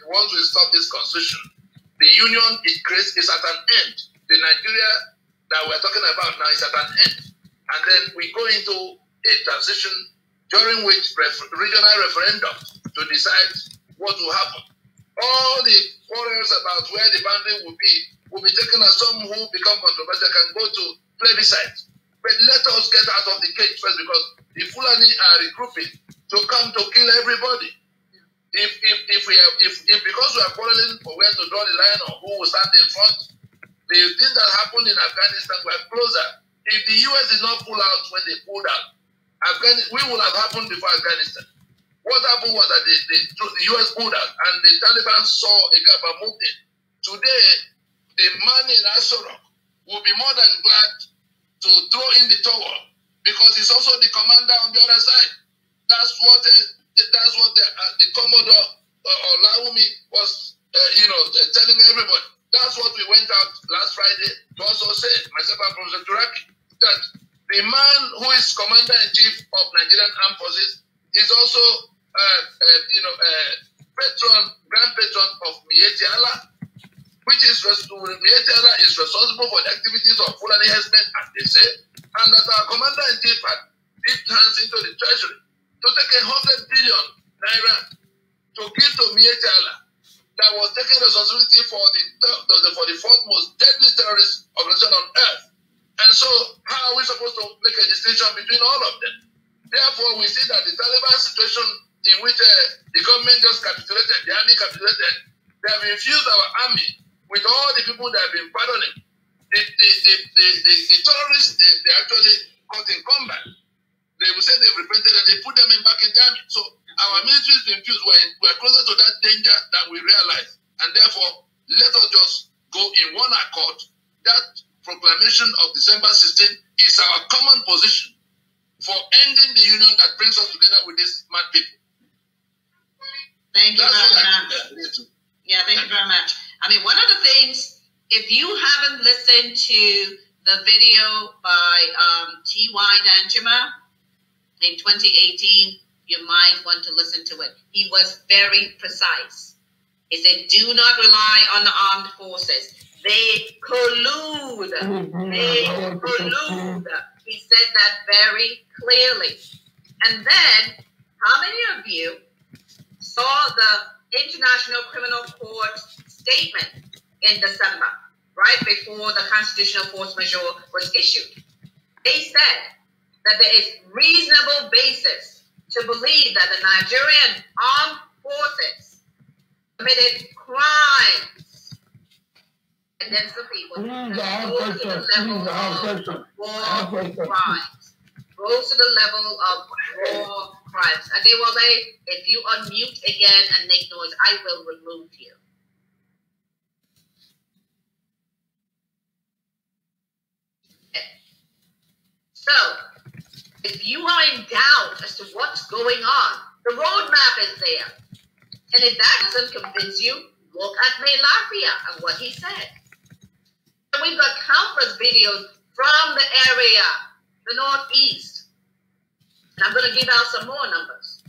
G: 1990, once we stop this constitution, the union it creates is at an end. The Nigeria that we're talking about now is at an end. And then we go into a transition during which refer- regional referendum to decide what will happen. All the quarrels about where the boundary will be will be taken as some who become controversial can go to plebiscite But let us get out of the cage first because the Fulani are regrouping to come to kill everybody. If, if, if we are, if, if because we are quarreling for where to draw the line or who will stand in front, the thing that happened in Afghanistan were closer. If the US did not pull out when they pulled out, Afghanistan, we would have happened before Afghanistan. What happened was that the, the, the US pulled out and the Taliban saw a gap and moved Today, the man in Asorok will be more than glad to throw in the towel because he's also the commander on the other side. That's what the, that's what the, uh, the Commodore uh, Olawumi was, uh, you know, uh, telling everybody. That's what we went out last Friday to also say, myself and Professor Turaki, that the man who is commander in chief of Nigerian Armed Forces is also, uh, uh, you know, uh, patron, grand patron of Miyeji Allah which is Mietera is responsible for the activities of Fulani herdsmen and they say, and that our commander in chief had deep hands into the treasury to take a hundred billion naira to give to Mietera that was taking responsibility for the, the for the fourth most deadly terrorist organization on earth. And so, how are we supposed to make a distinction between all of them? Therefore, we see that the Taliban situation in which uh, the government just capitulated, the army capitulated, they have infused our army with all the people that have been pardoning, the, the, the, the, the, the terrorists, they, they actually caught in combat. They will say they've repented and they put them in back in Germany. So our military's is infused. We're, in, we're closer to that danger than we realize. And therefore, let us just go in one accord. That proclamation of December 16 is our common position for ending the union that brings us together with these mad people.
C: Thank That's you, Governor. Yeah, thank you very much. I mean, one of the things, if you haven't listened to the video by um, T.Y. Danjuma in 2018, you might want to listen to it. He was very precise. He said, do not rely on the armed forces. They collude. They collude. He said that very clearly. And then, how many of you saw the International Criminal Court statement in December, right before the constitutional force major was issued. They said that there is reasonable basis to believe that the Nigerian armed forces committed crimes against the people. Please, I have a question. Please, I have a question. Goes to the level of war crimes. And they were like, if you unmute again and make noise, I will remove you. So, if you are in doubt as to what's going on, the roadmap is there. And if that doesn't convince you, look at May Lafia and what he said. And we've got countless videos from the area the Northeast. And I'm going to give out some more numbers.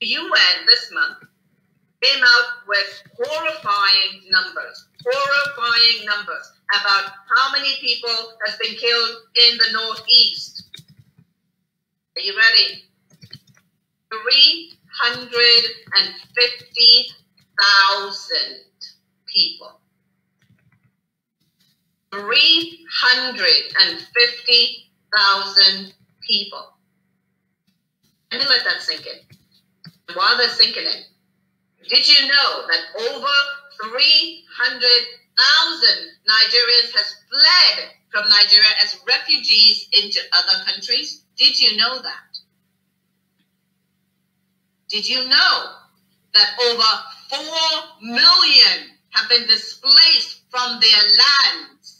C: The UN this month came out with horrifying numbers, horrifying numbers about how many people has been killed in the Northeast. Are you ready? 350,000 people. 350,000 thousand people. Let me let that sink in. While they're sinking in, did you know that over 300,000 Nigerians has fled from Nigeria as refugees into other countries? Did you know that? Did you know that over 4 million have been displaced from their lands?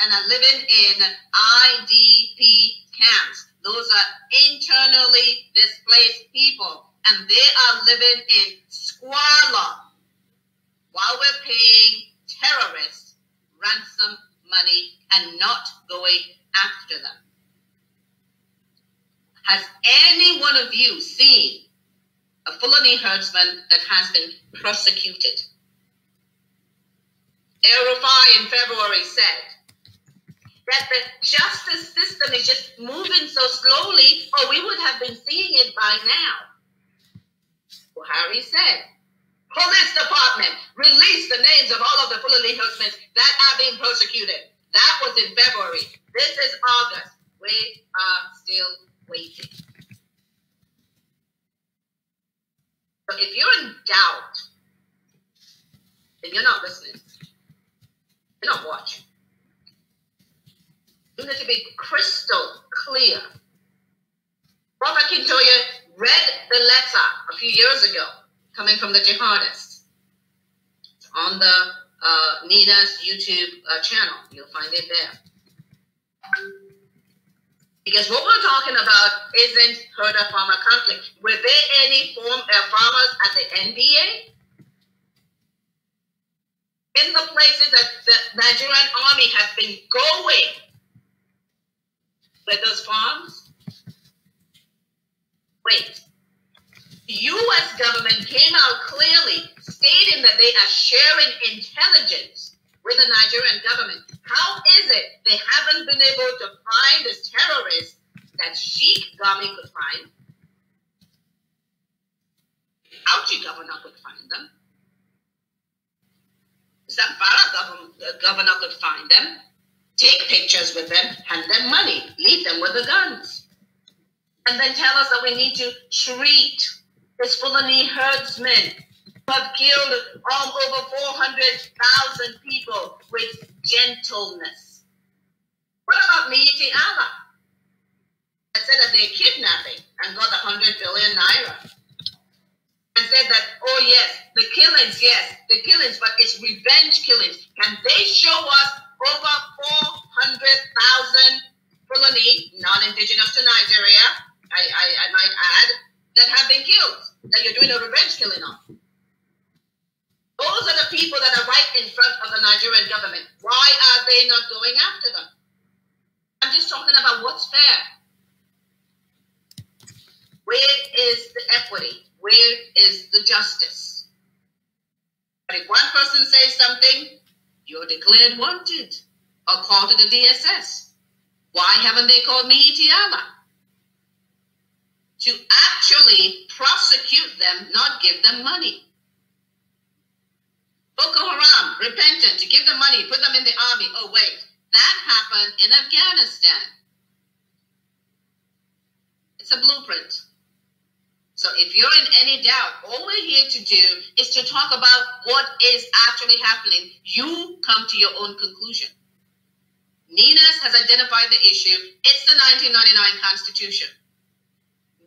C: and are living in IDP camps. Those are internally displaced people, and they are living in squalor while we're paying terrorists ransom money and not going after them. Has any one of you seen a Fulani herdsman that has been prosecuted? Arafai in February said, that the justice system is just moving so slowly, or we would have been seeing it by now. Well, Harry said, Police Department, release the names of all of the Fulani husbands that are being persecuted. That was in February. This is August. We are still waiting. So if you're in doubt, then you're not listening. You're not watching. You need to be crystal clear. Robert Kintoya read the letter a few years ago coming from the jihadists. It's on the uh, Nina's YouTube uh, channel. You'll find it there. Because what we're talking about isn't further farmer conflict. Were there any form, uh, farmers at the NDA? In the places that the Nigerian army has been going with those farms? Wait. The U.S. government came out clearly stating that they are sharing intelligence with the Nigerian government. How is it they haven't been able to find this terrorist that Sheikh Gami could find? Auchi governor could find them. Zamfara uh, governor could find them take pictures with them, hand them money, leave them with the guns. And then tell us that we need to treat this Fulani herdsmen who have killed all over 400,000 people with gentleness. What about Miiti Allah? I said that they're kidnapping and got 100 billion naira. And said that, oh yes, the killings, yes, the killings, but it's revenge killings. Can they show us over 400,000 Fulani, non-indigenous to Nigeria, I, I, I might add, that have been killed, that you're doing a revenge killing on. Those are the people that are right in front of the Nigerian government. Why are they not going after them? I'm just talking about what's fair. Where is the equity? Where is the justice? But if one person says something, you're declared wanted or call to the DSS. Why haven't they called me Itiala? To actually prosecute them, not give them money. Boko Haram, repentant, to give them money, put them in the army. Oh, wait, that happened in Afghanistan. It's a blueprint. So if you're in any doubt, all we're here to do is to talk about what is actually happening. You come to your own conclusion. Ninas has identified the issue. It's the 1999 Constitution.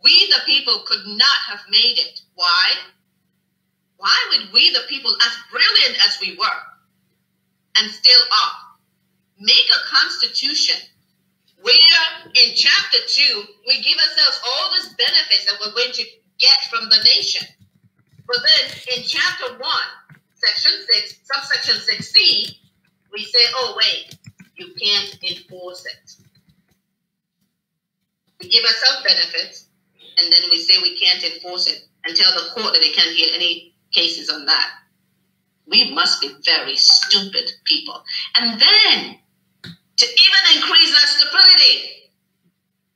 C: We, the people, could not have made it. Why? Why would we, the people, as brilliant as we were and still are, make a constitution where in chapter two we give ourselves all these benefits that we're going to get from the nation. But then in chapter 1, section 6, subsection 6c, we say, oh, wait, you can't enforce it. We give ourselves benefits, and then we say we can't enforce it and tell the court that they can't hear any cases on that. We must be very stupid people. And then, to even increase our stupidity,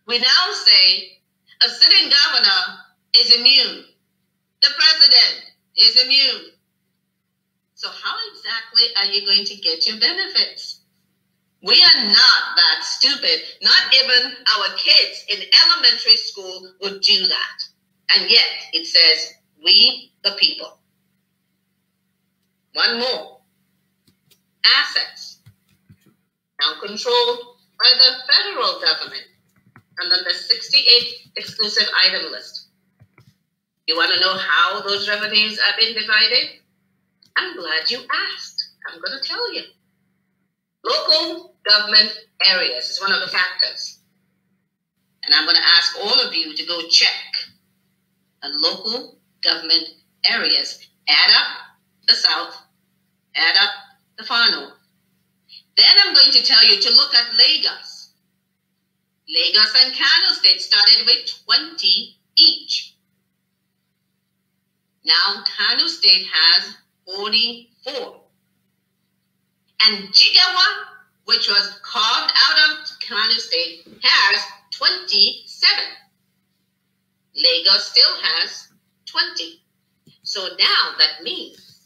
C: we now say a sitting governor is immune. The president is immune. So, how exactly are you going to get your benefits?
B: We are not
C: that stupid. Not even our kids in elementary school would do that. And yet, it says, we the people. One more assets now controlled by the federal government and then the 68th exclusive item list. You want to know how those revenues have been divided? I'm glad you asked. I'm going to tell you. Local government areas is one of the factors. And I'm going to ask all of you to go check And local government areas. Add up the South, add up the Far North. Then I'm going to tell you to look at Lagos. Lagos and Kano State started with 20 each. Now Kano State has 44. And Jigawa, which was carved out of Kano State, has 27. Lagos still has 20. So now that means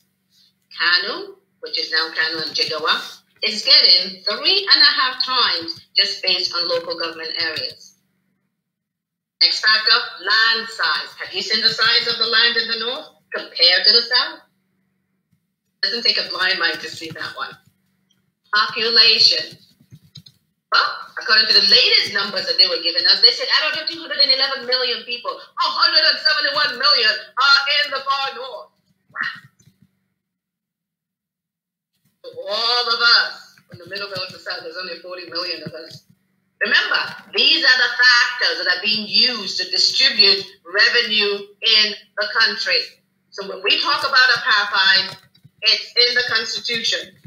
C: Kano, which is now Kano and Jigawa, is getting three and a half times just based on local government areas. Next factor, land size. Have you seen the size of the land in the north compared to the south? Doesn't take a blind mind to see that one. Population. Well, according to the latest numbers that they were giving us, they said out of 211 million people, 171 million are in the far north. Wow. So all of us, in the middle belt of the south, there's only 40 million of us. Remember, these are the factors that are being used to distribute revenue in the country. So when we talk about apartheid, it's in
A: the Constitution.